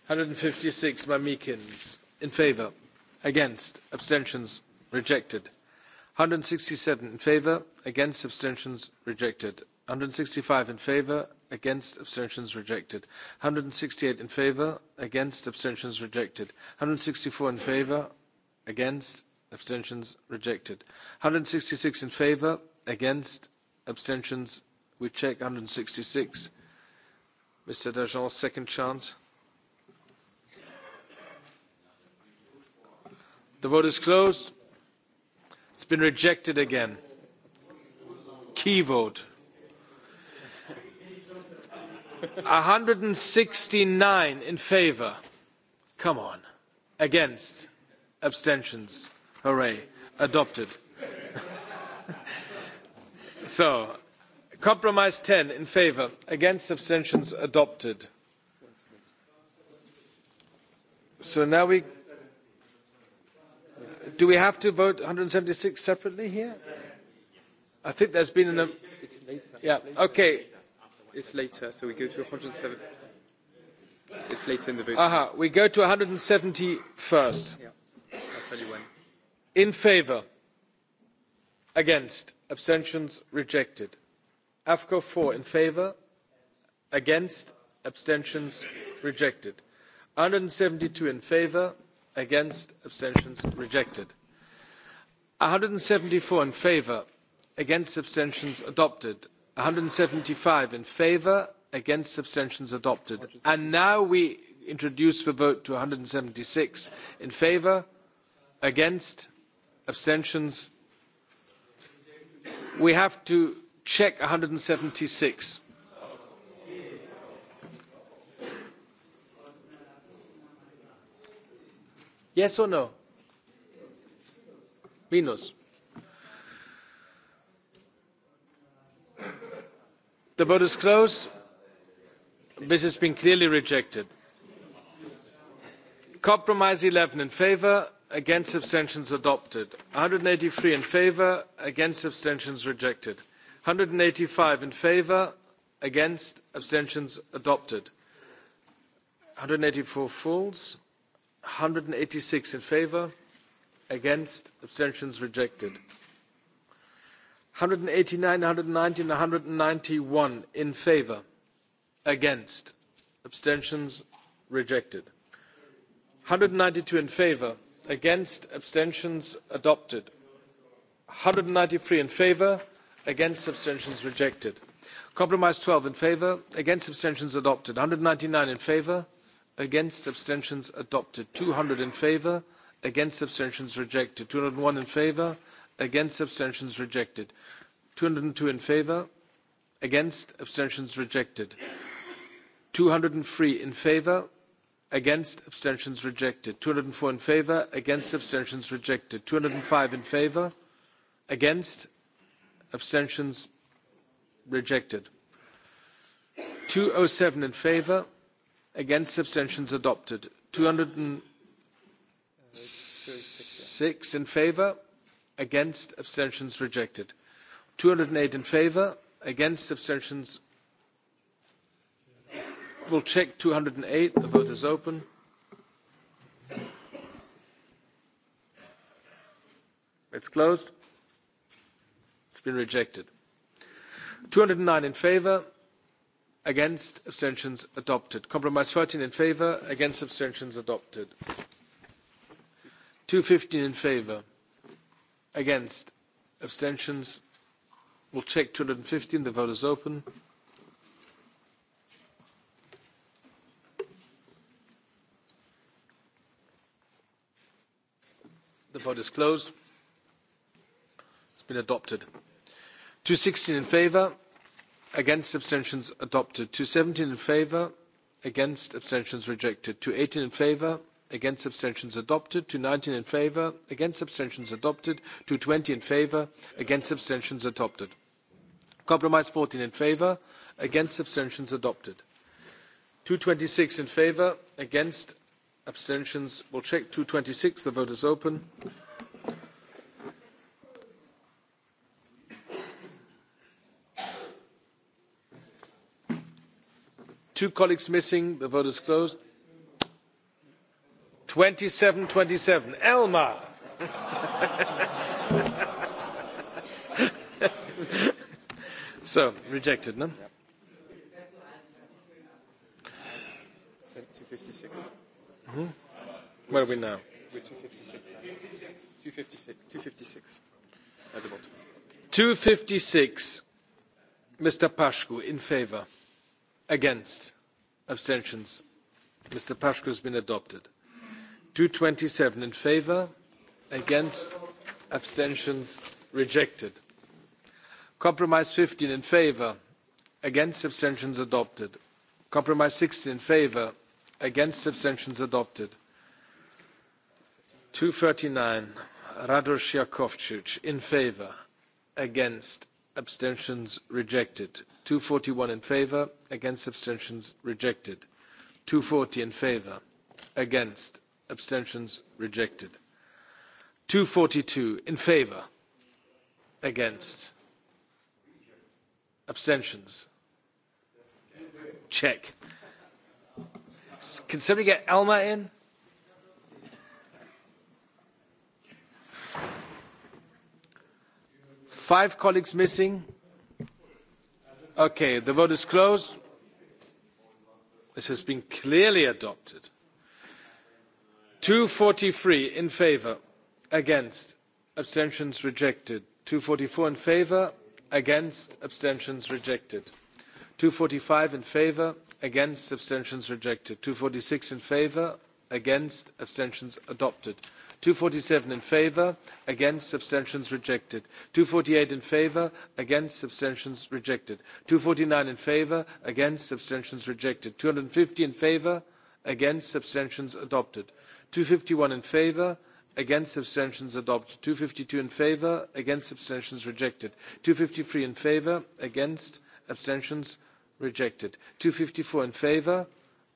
156 mamikins in favour against abstentions rejected 167 in favour against abstentions rejected 165 in favour against abstentions rejected 168 in favour against abstentions rejected 164 in favour against abstentions rejected 166 in favor against abstentions we check 166 mr Dajon, second chance the vote is closed it's been rejected again key vote 169 in favor come on against abstentions Hooray. Adopted. so, compromise 10 in favour. Against abstentions adopted. So now we. Do we have to vote 176 separately here? I think there's been an. It's later. Yeah, okay. It's later, so we go to 170. It's later in the vote. Aha, we go to 170 first. Yeah, I'll tell you when in favour against abstentions rejected afco four in favour against abstentions rejected one hundred and seventy two in favour against abstentions rejected one hundred and seventy four in favour against abstentions adopted one hundred and seventy five in favour against abstentions adopted and now we introduce the vote to one hundred and seventy six in favour against abstentions we have to check one hundred and seventy six yes or no minus the vote is closed this has been clearly rejected compromise eleven in favour against abstentions adopted one hundred and eighty three in favour against abstentions rejected one hundred and eighty five in favour against abstentions adopted one hundred and eighty four falls one hundred and eighty six in favour against abstentions rejected one hundred and eighty nine one hundred and ninety and one hundred and ninety one in favour against abstentions rejected one hundred and ninety two in favour against abstentions adopted one hundred and ninety three in favour against abstentions rejected compromise twelve in favour against abstentions adopted one hundred and ninety nine in favour against abstentions adopted two hundred in favour against abstentions rejected two hundred and one in favour against abstentions rejected two hundred and two in favour against abstentions rejected two hundred and three in favour against abstentions rejected 204 in favor against abstentions rejected 205 in favor against abstentions rejected 207 in favor against abstentions adopted 206 in favor against abstentions rejected 208 in favor against abstentions We'll check 208. The vote is open. It's closed. It's been rejected. 209 in favor, against, abstentions adopted. Compromise 13 in favor, against, abstentions adopted. 215 in favor, against, abstentions. We'll check 215. The vote is open. The vote is closed. It's been adopted. 216 in favor, against abstentions adopted. 217 in favor, against abstentions rejected. 218 in favor, against abstentions adopted. 219 in favor, against abstentions adopted. 220 in favor, against abstentions adopted. Compromise 14 in favor, against abstentions adopted. 226 in favor, against Abstentions? We'll check 226. The vote is open. Two colleagues missing. The vote is closed. 2727. Elmar. so, rejected, no? Hmm? Where are we now? We're 256. 256 256 at the bottom. 256. Mr. Pashku in favour. Against. Abstentions. Mr. Pashku has been adopted. 227 in favour. Against. Abstentions. Rejected. Compromise 15 in favour. Against. Abstentions adopted. Compromise 16 in favour against abstentions adopted two nine radosh yakovcic in favor against abstentions rejected Two forty one in favor against abstentions rejected Two forty in favor against abstentions rejected two forty two in favor against abstentions check Can somebody get Elma in? Five colleagues missing. Okay, the vote is closed. This has been clearly adopted. 243 in favour, against, abstentions rejected. 244 in favour, against, abstentions rejected. 245 in favour, against abstentions rejected Two forty six in favour. against abstentions adopted Two forty seven in favour. against abstentions rejected Two forty-eight in favour. against abstentions rejected Two forty-nine in favour. against abstentions rejected Two hundred and fifty in favour. against abstentions adopted Two fifty one in favour. against abstentions adopted Two fifty two in favour. against abstentions rejected Two fifty three in favour. against abstentions rejected. 254 in favor,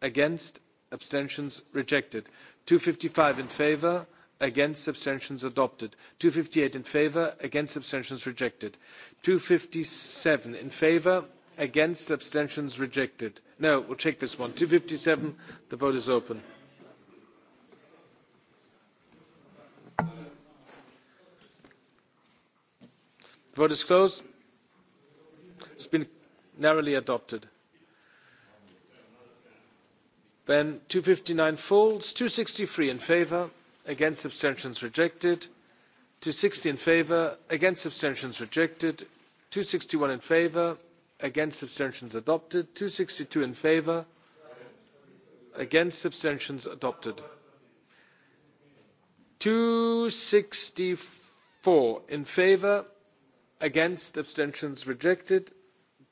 against, abstentions rejected. 255 in favor, against, abstentions adopted. 258 in favor, against, abstentions rejected. 257 in favor, against, abstentions rejected. No, we'll check this one. 257, the vote is open. The vote is closed. It's been narrowly adopted. Then 259 folds, 263 in favour, against abstentions rejected, 260 in favour, against abstentions rejected, 261 in favour, against abstentions adopted, 262 in favour, against abstentions adopted. 264 in favour, against abstentions rejected,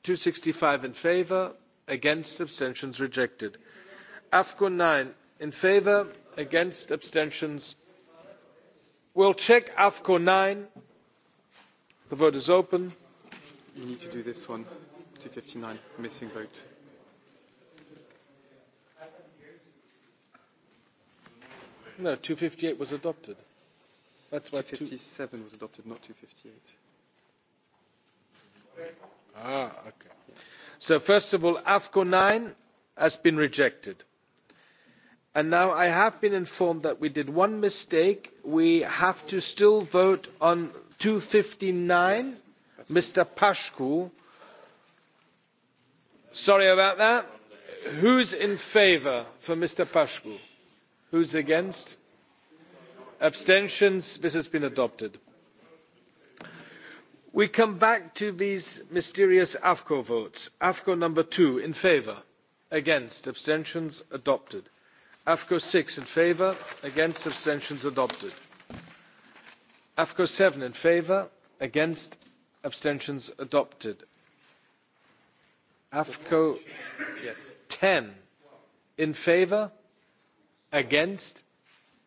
265 in favour, against abstentions rejected. AFCO 9 in favour, against abstentions. We'll check AFCO 9. The vote is open. You need to do this one, 259, missing vote. No, 258 was adopted. That's why 257 was adopted, not 258. Ah, okay. So first of all, AFCO 9 has been rejected. And now I have been informed that we did one mistake. We have to still vote on 259, yes. Mr. Pashku. Sorry about that. Who's in favour for Mr. Pashku? Who's against? Abstentions? This has been adopted. We come back to these mysterious AFCO votes. AFCO number two in favour, against, abstentions adopted. AFCO six in favour, against, abstentions adopted. AFCO seven in favour, against, abstentions adopted. AFCO ten in favour, against,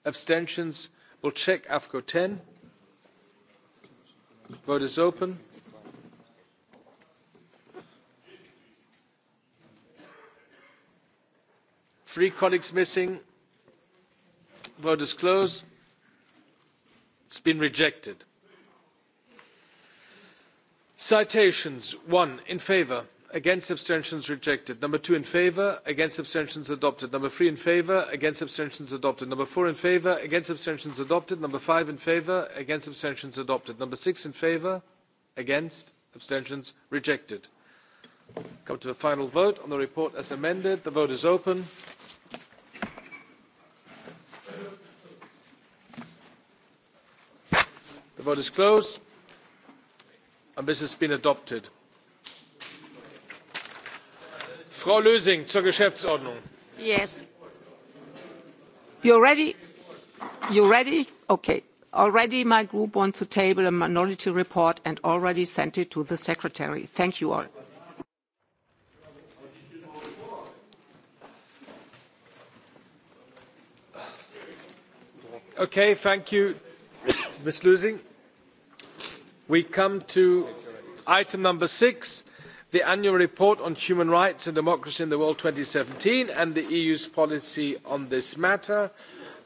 abstentions. We'll check AFCO ten. Vote is open. Three colleagues missing. Vote is closed. It's been rejected. Citations. One in favour against abstentions rejected number two in favour against abstentions adopted number three in favour against abstentions adopted number four in favour against abstentions adopted number five in favour against abstentions adopted number six in favour against abstentions rejected come to the final vote on the report as amended the vote is open the vote is closed and this has been adopted Frau Lösing zur Geschäftsordnung. Yes. You're ready? You ready? Okay. Already my group wants to table a minority report and already sent it to the secretary. Thank you all. Okay, thank you, Ms. Lösing. We come to item number six the annual report on human rights and democracy in the world seventeen and the EU's policy on this matter.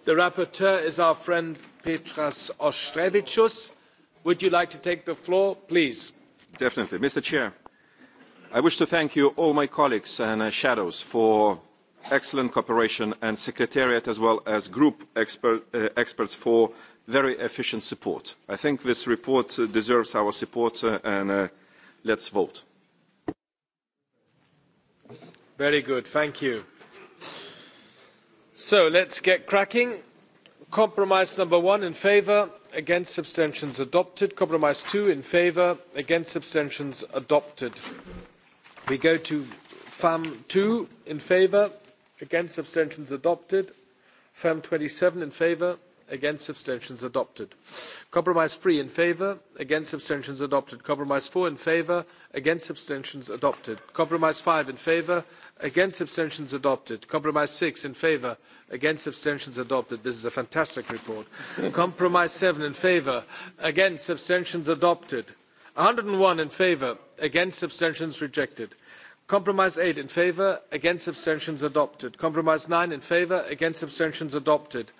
The rapporteur is our friend Petras Ostrevichus. Would you like to take the floor, please? Definitely. Mr. Chair, I wish to thank you, all my colleagues and shadows, for excellent cooperation and secretariat as well as group experts for very efficient support. I think this report deserves our support and let's vote. Very good, thank you. So let's get cracking. Compromise number one in favour, against abstentions adopted. Compromise two in favour, against abstentions adopted. We go to FAM two in favour, against abstentions adopted. FAM twenty seven in favour, against abstentions adopted. Compromise three in favour, against abstentions adopted. Compromise four in favour, against abstentions adopted. Compromise five in favour, against abstentions adopted compromise six in favour against abstentions adopted this is a fantastic report compromise seven in favour against abstentions adopted one hundred and one in favour against abstentions rejected compromise eight in favour against abstentions adopted compromise nine in favour against abstentions adopted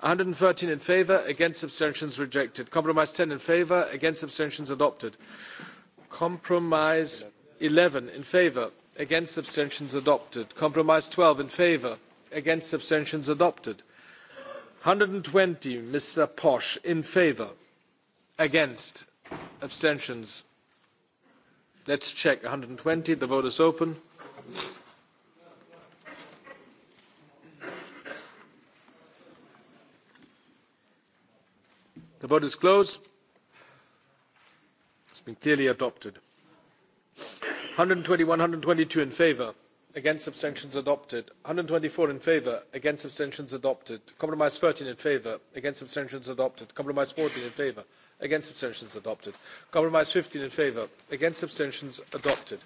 one hundred and thirteen in favour against abstentions rejected compromise ten in favour against abstentions adopted compromise eleven in favour against abstentions adopted compromise twelve in favour against abstentions adopted one hundred and twenty mr posh in favour against abstentions let's check one hundred and twenty the vote is open the vote is closed it's been clearly adopted 120, 122 in favour. Against abstentions adopted. 124 in favour. Against abstentions adopted. Compromise 13 in favour. Against abstentions adopted. Compromise 14 in favour. Against abstentions adopted. Compromise 15 in favour. Against abstentions adopted.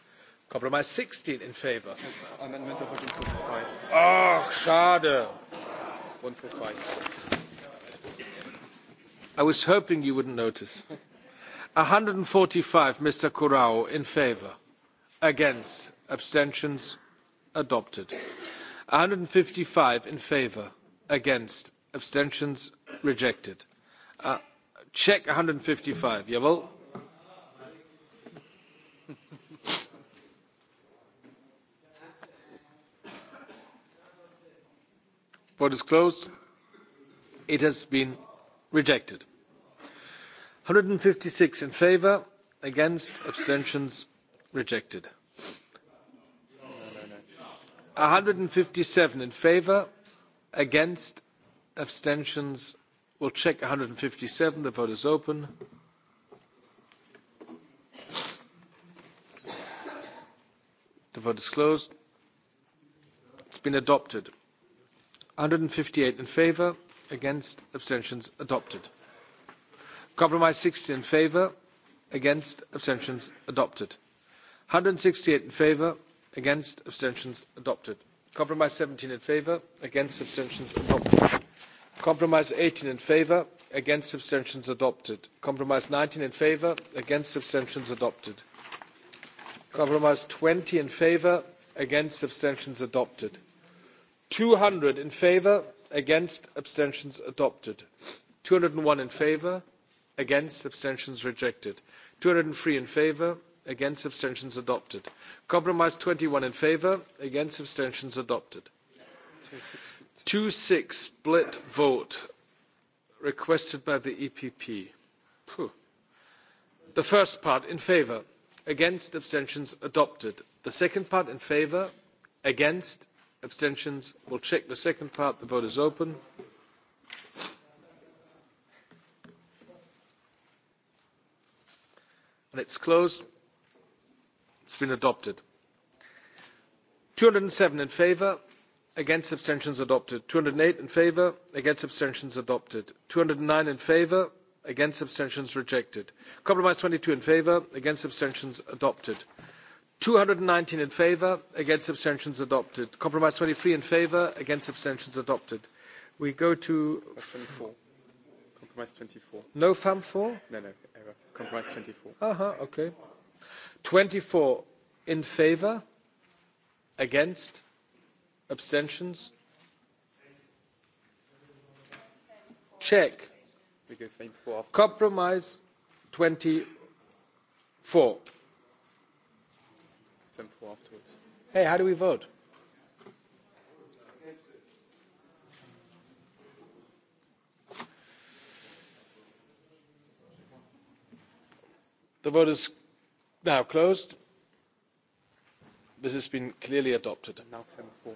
Compromise 16 in favour. Amendment 145. Ach, schade. 145. I was hoping you wouldn't notice. 145, Mr. Corrao, in favour against abstentions adopted 155 in favor against abstentions rejected uh, check 155 jawohl vote is closed it has been rejected 156 in favor against abstentions Rejected. 157 in favor, against, abstentions. We'll check 157. The vote is open. The vote is closed. It's been adopted. 158 in favor, against, abstentions adopted. Compromise 60 in favor, against, abstentions adopted. 168 in favour, against, abstentions adopted. Compromise 17 in favour, against, abstentions adopted. Compromise 18 in favour, against, abstentions adopted. Compromise 19 in favour, against, abstentions adopted. Compromise 20 in favour, against, abstentions adopted. 200 in favour, against, abstentions adopted. 201 in favour, against, abstentions rejected. 203 in favour, against abstentions adopted compromise 21 in favor against abstentions adopted 2-6 split vote requested by the epp Phew. the first part in favour, against abstentions adopted the second part in favour? against abstentions we'll check the second part the vote is open and it's closed It's been adopted. 207 in favour, against abstentions adopted. Two hundred and eight in favour, against abstentions adopted. Two hundred and nine in favour, against abstentions rejected. Compromise twenty two in favour, against abstentions adopted. 219 in favour, against abstentions adopted. Compromise 23 in favour, against abstentions adopted. We go to... Compromise 24. No FAM 4? No, no, error. Compromise 24. Uh-huh, okay twenty four in favour against abstentions check compromise twenty four hey how do we vote the vote is Now closed. This has been clearly adopted. Now FEM four.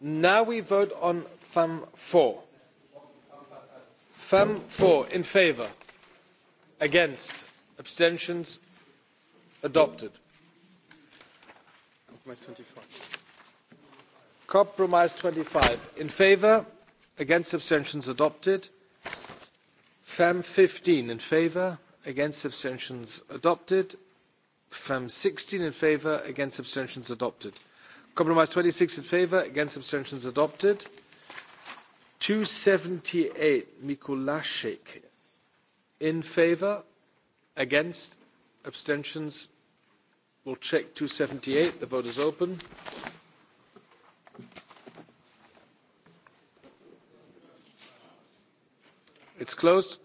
Now we vote on FAM 4. FAM 4 in favour. Against. Abstentions. Adopted. Compromise 25. Compromise 25. In favour. Against. Abstentions. Adopted. FEM 15. In favour. Against. Abstentions. Adopted. Fam 16 in favour, against abstentions adopted. Compromise 26 in favour, against abstentions adopted. 278, Mikulášek in favour, against, abstentions. We'll check 278. The vote is open. It's closed.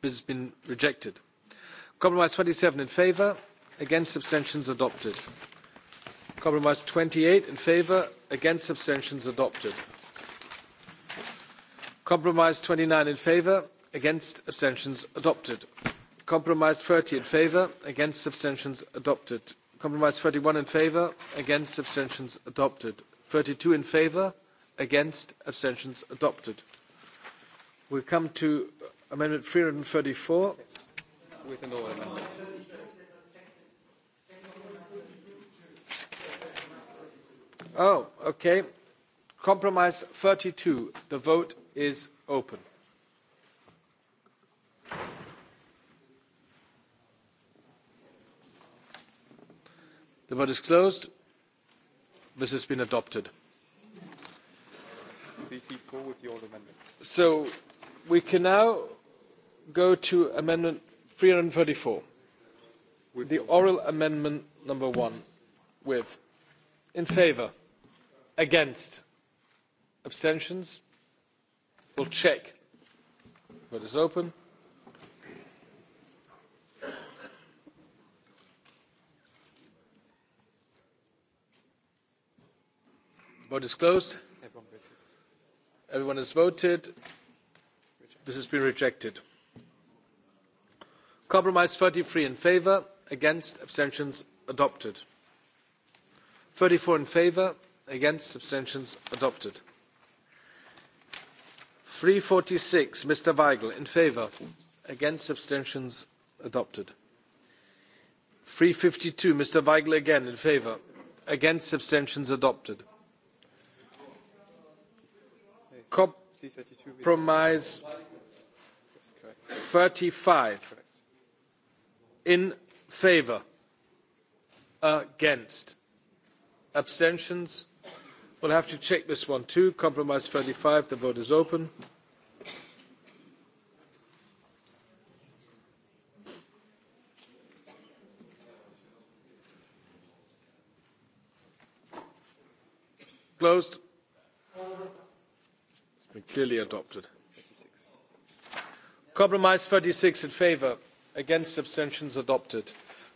This has been rejected. Compromise 27 in favour, against abstentions adopted. Compromise 28 in favour, against abstentions adopted. Compromise 29 in favour, against abstentions adopted. Compromise 30 in favour, against abstentions adopted. Compromise 31 in favour, against abstentions adopted. 32 in favour, against abstentions adopted. We come to amendment 334. Yes with an oral amendment. Oh, okay. Compromise 32. The vote is open. The vote is closed. This has been adopted. So we can now go to amendment three hundred and thirty four with the oral amendment number one with in favour against abstentions we'll check vote is open vote is closed everyone has voted this has been rejected Compromise 33 in favour, against, abstentions adopted. 34 in favour, against, abstentions adopted. 346, Mr. Weigel, in favour, against, abstentions adopted. 352, Mr. Weigel again, in favour, against, abstentions adopted. Compromise 35 in favour against abstentions we'll have to check this one too compromise thirty five the vote is open closed it's been clearly adopted compromise thirty six in favour against abstentions adopted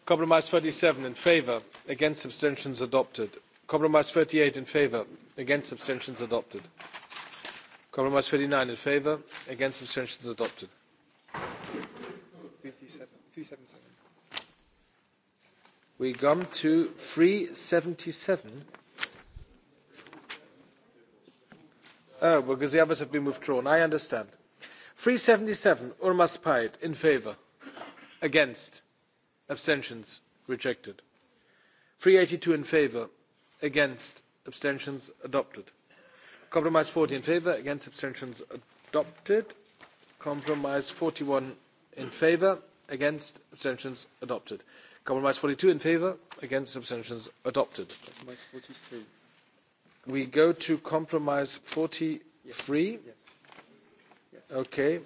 compromise thirty seven in favour against abstentions adopted compromise thirty eight in favour against abstentions adopted compromise thirty nine in favour against abstentions adopted we come to three seventy seven oh because the others have been withdrawn i understand 377 urmas Pait, in favour against abstentions rejected three hundred eighty two in favour, against abstentions adopted compromise forty in favour, against abstentions adopted compromise forty one in favour, against abstentions adopted compromise forty two in favour, against abstentions adopted compromise we go to compromise 43 yes okay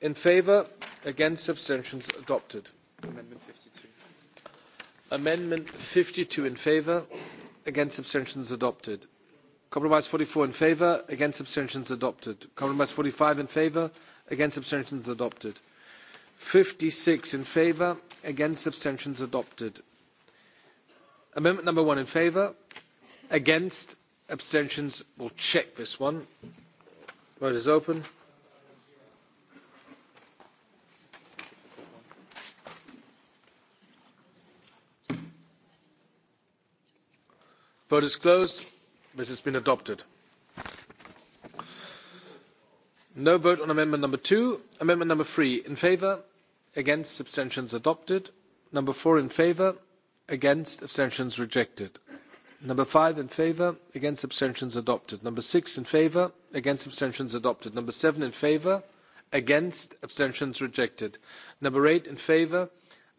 in favour against abstentions adopted amendment 52 amendment 52 in favour against abstentions adopted compromise 44 in favour against abstentions adopted compromise 45 in favour against abstentions adopted 56 in favour against abstentions adopted amendment number one in favour against abstentions we'll check this one vote is open Vote is closed. This has been adopted. No vote on amendment number two. Amendment number three in favour, against, abstentions adopted. Number four in favour, against, abstentions rejected. Number five in favour, against, abstentions adopted. Number six in favour, against, abstentions adopted. Number seven in favour, against, abstentions rejected. Number eight in favour,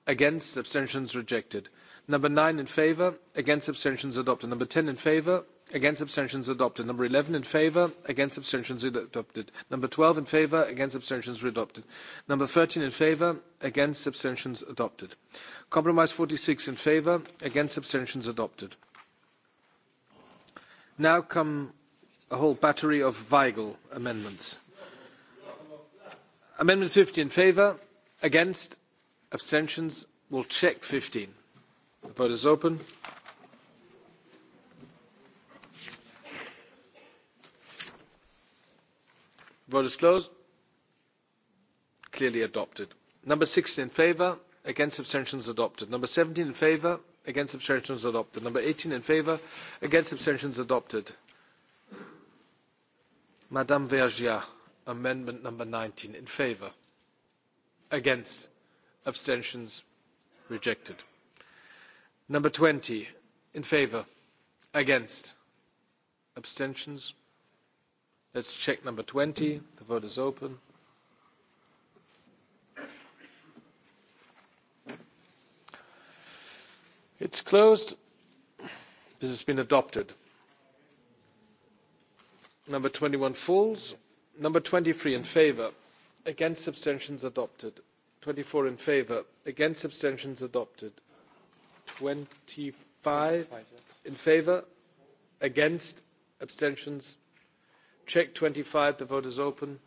against, abstentions rejected Number nine in favor, against abstentions adopted. Number 10 in favor, against abstentions adopted. Number 11 in favor, against abstentions adopted. Number 12 in favor, against abstentions adopted. Number 13 in favor, against abstentions adopted. Compromise 46 in favor, against abstentions adopted. Now come a whole battery of Weigel amendments. Amendment 50 in favor, against, abstentions. We'll check 15. The vote is open. Vote is closed. Clearly adopted. Number 16 in favour, against abstentions adopted. Number 17 in favour, against abstentions adopted. Number 18 in favour, against abstentions adopted. Madame Vergia, amendment number 19 in favour, against abstentions rejected. Number twenty in favour? against, abstentions. Let's check number twenty. The vote is open. It's closed. This has been adopted. Number twenty one falls. Number twenty three in favour. against abstentions adopted. Twenty four in favour. against abstentions adopted. 25 in favor, against, abstentions. Check 25. The vote is open.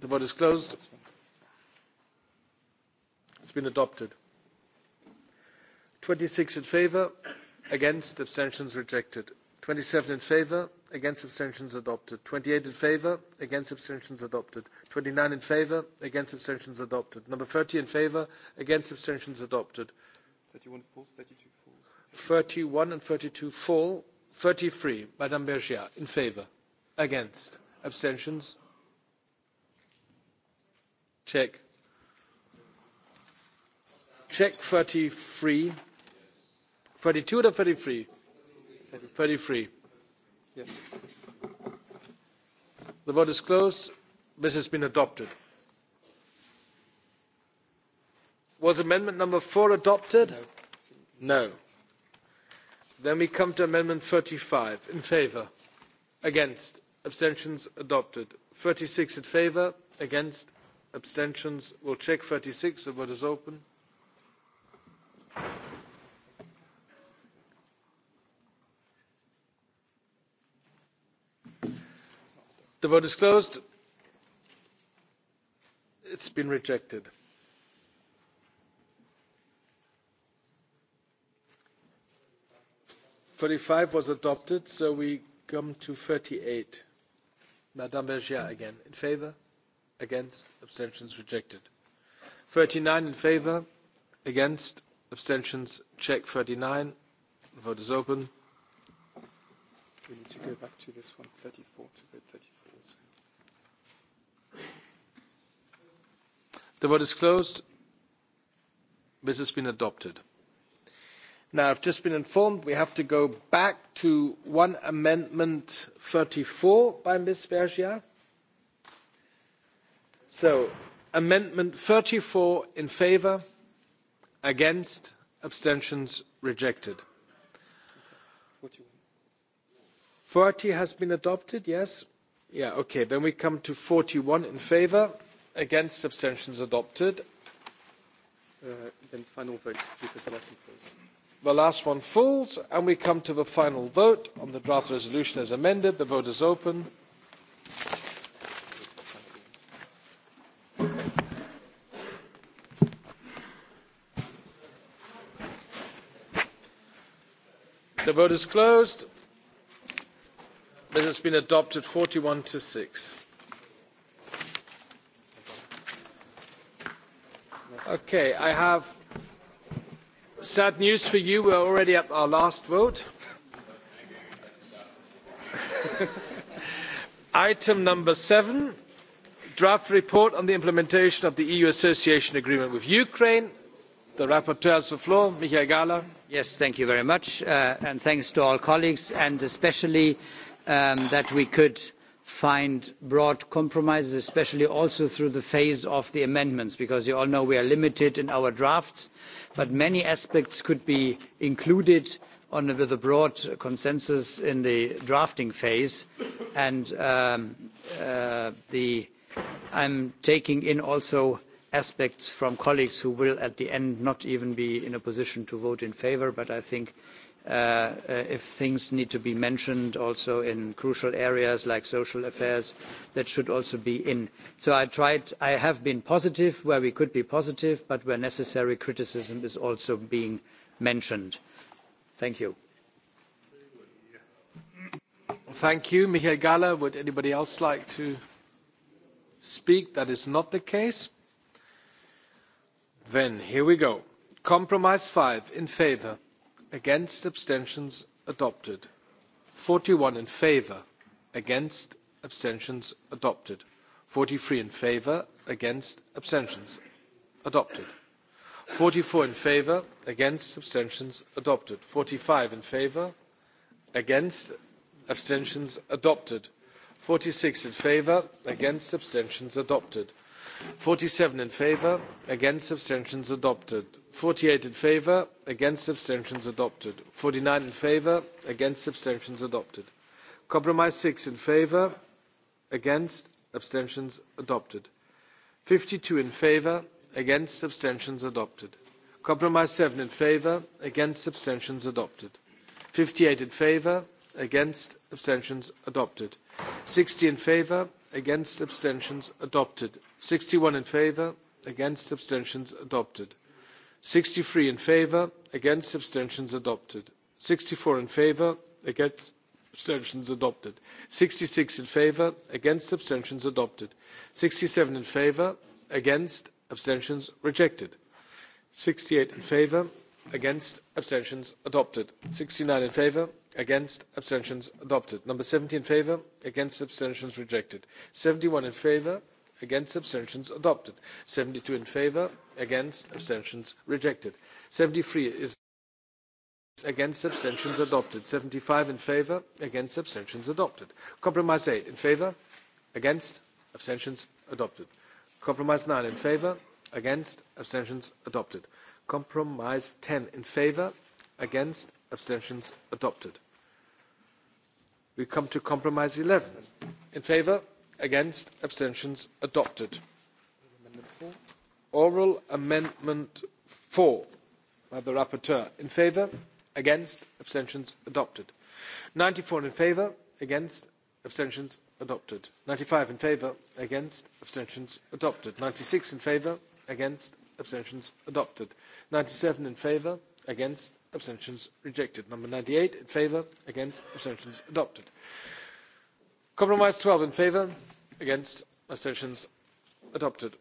The vote is closed. It's been adopted. 26 in favor, against, abstentions rejected. 27 in favor, against abstentions adopted. 28 in favor, against abstentions adopted. 29 in favor, against abstentions adopted. Number 30 in favor, against abstentions adopted. 31 falls, 32 falls. 31 and 32 fall. 33, Madame Bergia, in favor, against, abstentions. Check. Check 33. 32 or 33? 33. Yes. The vote is closed. This has been adopted. Was amendment number four adopted? No. No. Then we come to amendment 35. In favor? Against? Abstentions adopted. 36 in favour? Against? Abstentions? We'll check 36. The vote is open. The vote is closed. It's been rejected. Thirty-five was adopted, so we come to thirty-eight. Madame Vergiat again. In favor? Against? Abstentions rejected. Thirty-nine in favor? Against? Abstentions? Check thirty-nine. The vote is open. We need to go back to this one, 34 to vote 34. The vote is closed. This has been adopted. Now, I've just been informed we have to go back to one amendment 34 by Ms. Vergia. So, amendment 34 in favour, against, abstentions rejected. 40 has been adopted, yes? Yeah, okay. Then we come to 41 in favour against abstentions adopted then final vote because the last one falls. The last one falls, and we come to the final vote on the draft resolution as amended. The vote is open. The vote is closed. This has been adopted forty one to six. Okay, I have sad news for you. We're already at our last vote. Item number seven, draft report on the implementation of the EU Association Agreement with Ukraine. The rapporteur has the floor, Michael Gahler. Yes, thank you very much, and thanks to all colleagues, and especially that we could find broad compromises, especially also through the phase of the amendments, because you all know we are limited in our drafts, but many aspects could be included with a broad consensus in the drafting phase. And I'm taking in also aspects from colleagues who will, at the end, not even be in a position to vote in favor, but I think if things need to be mentioned also in crucial areas like social affairs, that should also be in. So I tried, I have been positive where we could be positive, but where necessary, criticism is also being mentioned. Thank you. Thank you. Michael Gahler, would anybody else like to speak? That is not the case. Then here we go. Compromise five in favor against abstentions adopted Forty one in favour. against abstentions adopted Forty three in favour. against abstentions adopted Forty four in favour. against abstentions adopted Forty five in favour. against abstentions adopted Forty six in favour. against abstentions adopted Forty seven in favour. against abstentions adopted forty eight in favour against abstentions adopted forty nine in favour against abstentions adopted compromise six in favour against abstentions adopted fifty two in favour against abstentions adopted compromise seven in favour against abstentions adopted fifty eight in favour against abstentions adopted sixty in favour against abstentions adopted sixty one in favour against abstentions adopted sixty three in favour against abstentions adopted sixty four in favour against abstentions adopted sixty six in favour against abstentions adopted sixty seven in favour against abstentions rejected sixty eight in favour against abstentions adopted sixty nine in favour against abstentions adopted number seventy in favour against abstentions rejected seventy one in favour against abstentions adopted Seventy two in favor against abstentions rejected three is against abstentions adopted Seventy five in favor against abstentions adopted compromise eight. in favor against abstentions adopted compromise nine in favor against abstentions adopted compromise ten in favor against abstentions adopted we come to compromise eleven. in favor against abstentions adopted oral amendment four by the rapporteur in favour against abstentions adopted ninety four in favour against abstentions adopted ninety five in favour against abstentions adopted ninety six in favour against abstentions adopted ninety seven in favour against abstentions rejected number ninety eight in favour against abstentions adopted Compromise twelve in favour? against, abstentions adopted.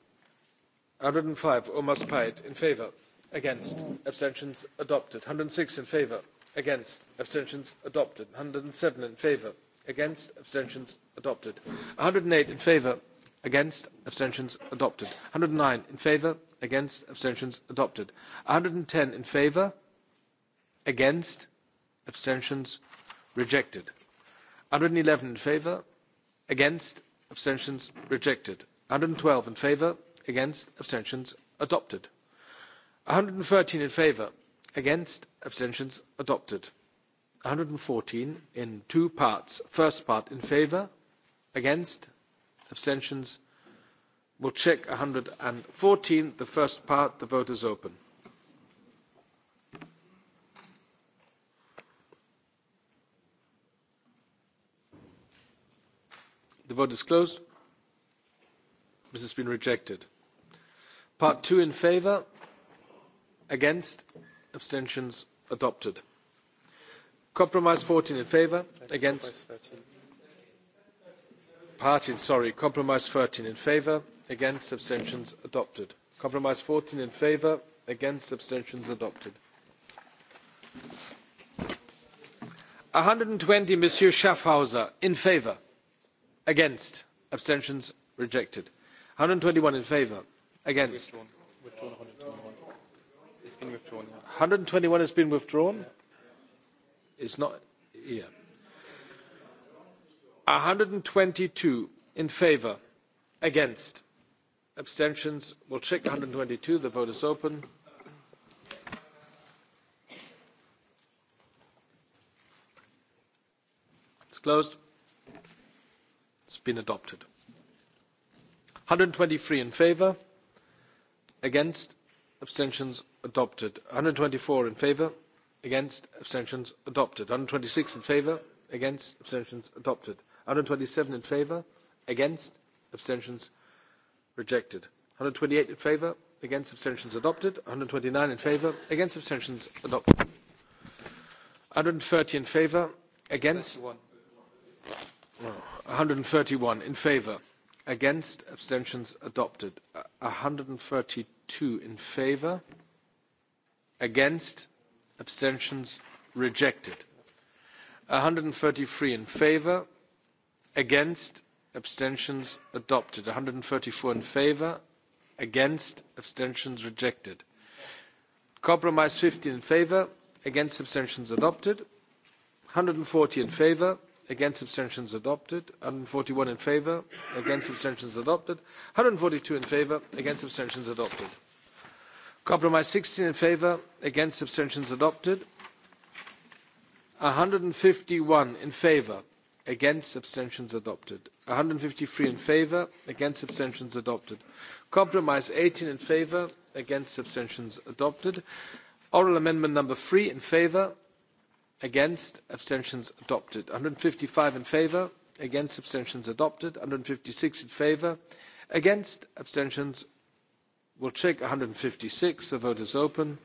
105, Omas Pait in favour? against, abstentions adopted. 106 in favour? against, abstentions adopted. 107 in favour? against, abstentions adopted. 108 in favour? against, abstentions adopted. 109 in favour? against, abstentions adopted. 110 in favour? against, abstentions rejected. eleven in favour? against abstentions rejected One hundred and twelve in favour, against abstentions adopted One hundred and thirteen in favour, against abstentions adopted One hundred and fourteen in two parts first part in favour. against abstentions we'll check one hundred and fourteen. the first part the vote is open The vote is closed. This has been rejected. Part two in favour. Against. Abstentions adopted. Compromise 14 in favour. Against. Party, sorry. Compromise 13 in favour. Against. Abstentions adopted. Compromise 14 in favour. Against. Abstentions adopted. 120, Monsieur Schaffhauser. In favour against abstentions rejected One hundred and twenty-one in favor against one has been withdrawn it's not twenty-two in favor against abstentions we'll check one hundred and twenty two. the vote is open it's closed been adopted. 123 in favour, against, abstentions adopted. 124 in favour, against, abstentions adopted. 126 in favour, against, abstentions adopted. 127 in favour, against, abstentions rejected. 128 in favour, against, abstentions adopted. 129 in favour, against, abstentions adopted. 130 in favour, against. 21 131 in favour. Against. Abstentions adopted. 132 in favour? Against. Abstentions rejected. 133 in favour? Against. Abstentions adopted. 134 in favour? Against. Abstentions rejected. Compromise 50 in favour. Against. Abstentions adopted. 140 in favour against abstentions adopted 141 in favor against abstentions adopted 142 in favor against abstentions adopted compromise 16 in favor against abstentions adopted 151 in favor against abstentions adopted 153 in favor against abstentions adopted compromise 18 in favor against abstentions adopted oral amendment number 3 in favor against abstentions adopted One hundred and fifty five in favour against abstentions adopted one hundred and fifty six in favour against abstentions we'll check one hundred and fifty six. the vote is open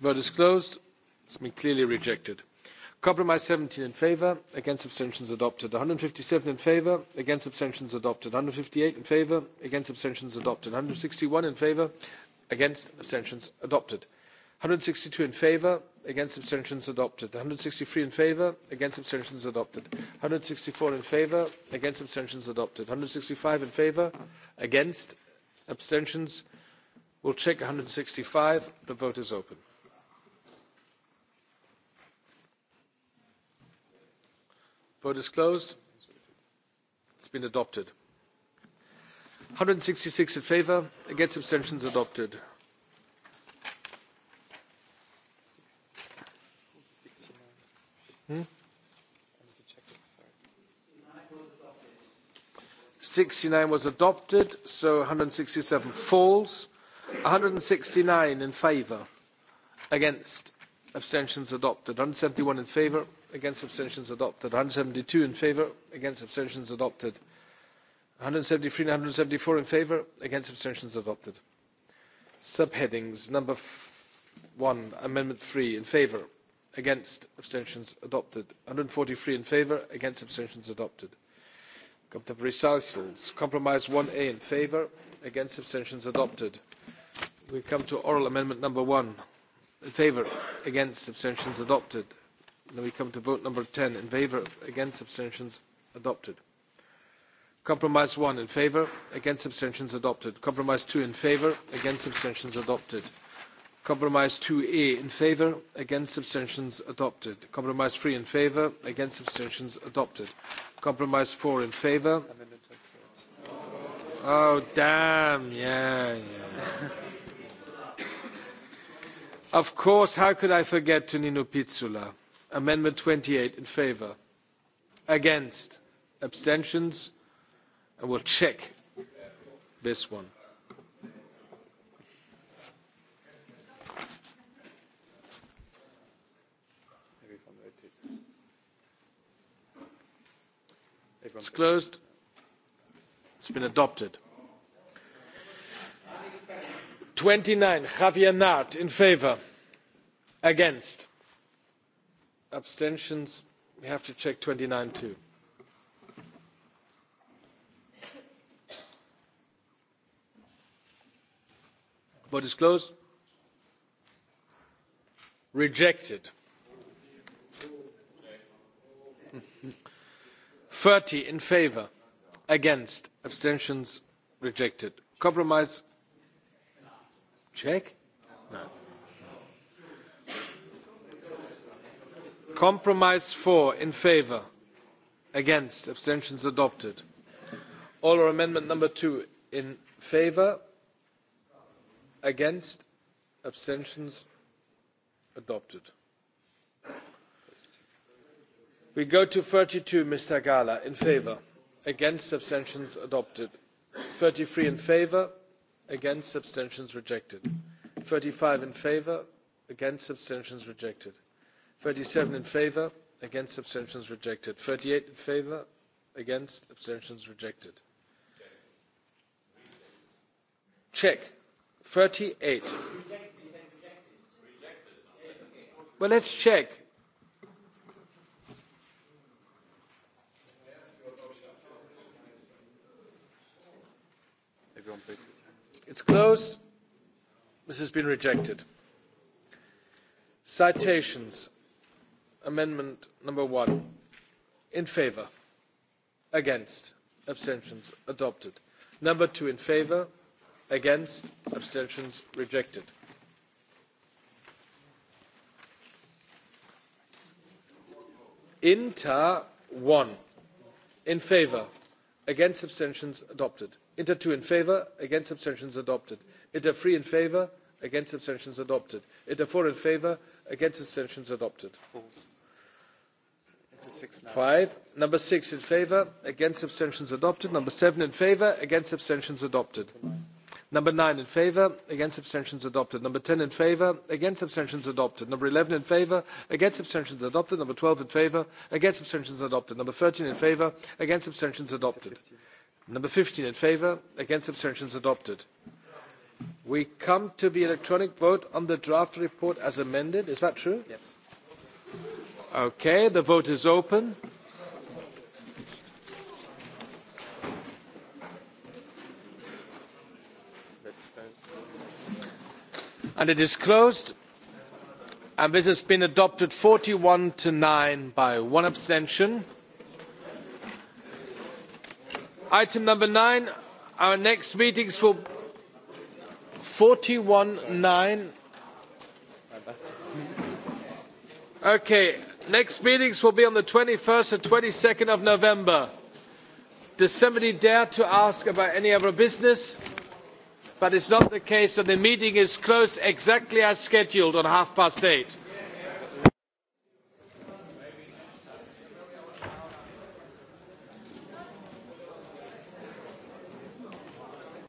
vote is closed it's been clearly rejected Compromise 17 in favour, against abstentions adopted. 157 in favour, against abstentions adopted. 158 in favour, against abstentions adopted. 161 in favour, against abstentions adopted. 162 in favour, against abstentions adopted. 163 in favour, against abstentions adopted. 164 in favour, against abstentions adopted. 165 in favour, against abstentions. We'll check 165. The vote is open. Vote is closed. It's been adopted. 166 in favor, against abstentions adopted. Hmm? 69 was adopted, so 167 falls. 169 in favor, against abstentions adopted. 171 in favor, against abstentions adopted. 172 in favour, against abstentions adopted. 173 and 174 in favour, against abstentions adopted. Subheadings, number f- 1, amendment 3 in favour, against abstentions adopted. 143 in favour, against abstentions adopted. Recitals. Compromise 1A in favour, against abstentions adopted. We come to oral amendment number 1. In favour, against abstentions adopted. Then we come to vote number 10. In favour, against abstentions, adopted. Compromise 1 in favour, against abstentions, adopted. Compromise 2 in favour, against abstentions, adopted. Compromise 2A in favour, against abstentions, adopted. Compromise 3 in favour, against abstentions, adopted. Compromise 4 in favour. Oh, damn, yeah, yeah. Of course, how could I forget Tonino Pizzula? Amendment twenty eight in favour. Against. Abstentions. And we'll check this one. It's closed. It's been adopted. Twenty nine Javier Nart in favour. Against abstentions we have to check 29 too vote is closed rejected 30 in favour against abstentions rejected compromise check no Compromise four in favour. Against. Abstentions adopted. All or amendment number two in favour. Against. Abstentions adopted. We go to thirty two, Mr. Gala, in favour. Against. Abstentions adopted. Thirty three in favour. Against. Abstentions rejected. Thirty five in favour. Against. Abstentions rejected. 37 in favour, against abstentions rejected. 38 in favour, against abstentions rejected. Check. 38. Well, let's check. It's closed. This has been rejected. Citations. Amendment number one. In favour. Against. Abstentions adopted. Number two in favour. Against. Abstentions rejected. Inter one. In favour. Against abstentions adopted. Inter two in favour. Against abstentions adopted. Inter three in favour. Against abstentions adopted. Inter four in favour. Against abstentions adopted five. Number six in favour, against abstentions adopted. Number seven in favour, against abstentions adopted. Number nine in favour, against abstentions adopted. Number ten in favour, against abstentions adopted. Number eleven in favour, against abstentions adopted. Number twelve in favour, against abstentions adopted. Number thirteen in favour, against abstentions adopted. Number fifteen in favour, against abstentions adopted. We come to the electronic vote on the draft report as amended. Is that true? Yes. Okay, the vote is open. And it is closed. And this has been adopted 41 to 9 by one abstention. Item number 9, our next meetings for 41 9. Okay. Next meetings will be on the 21st and 22nd of November. Does somebody dare to ask about any other business? But it's not the case, so the meeting is closed exactly as scheduled on half past eight.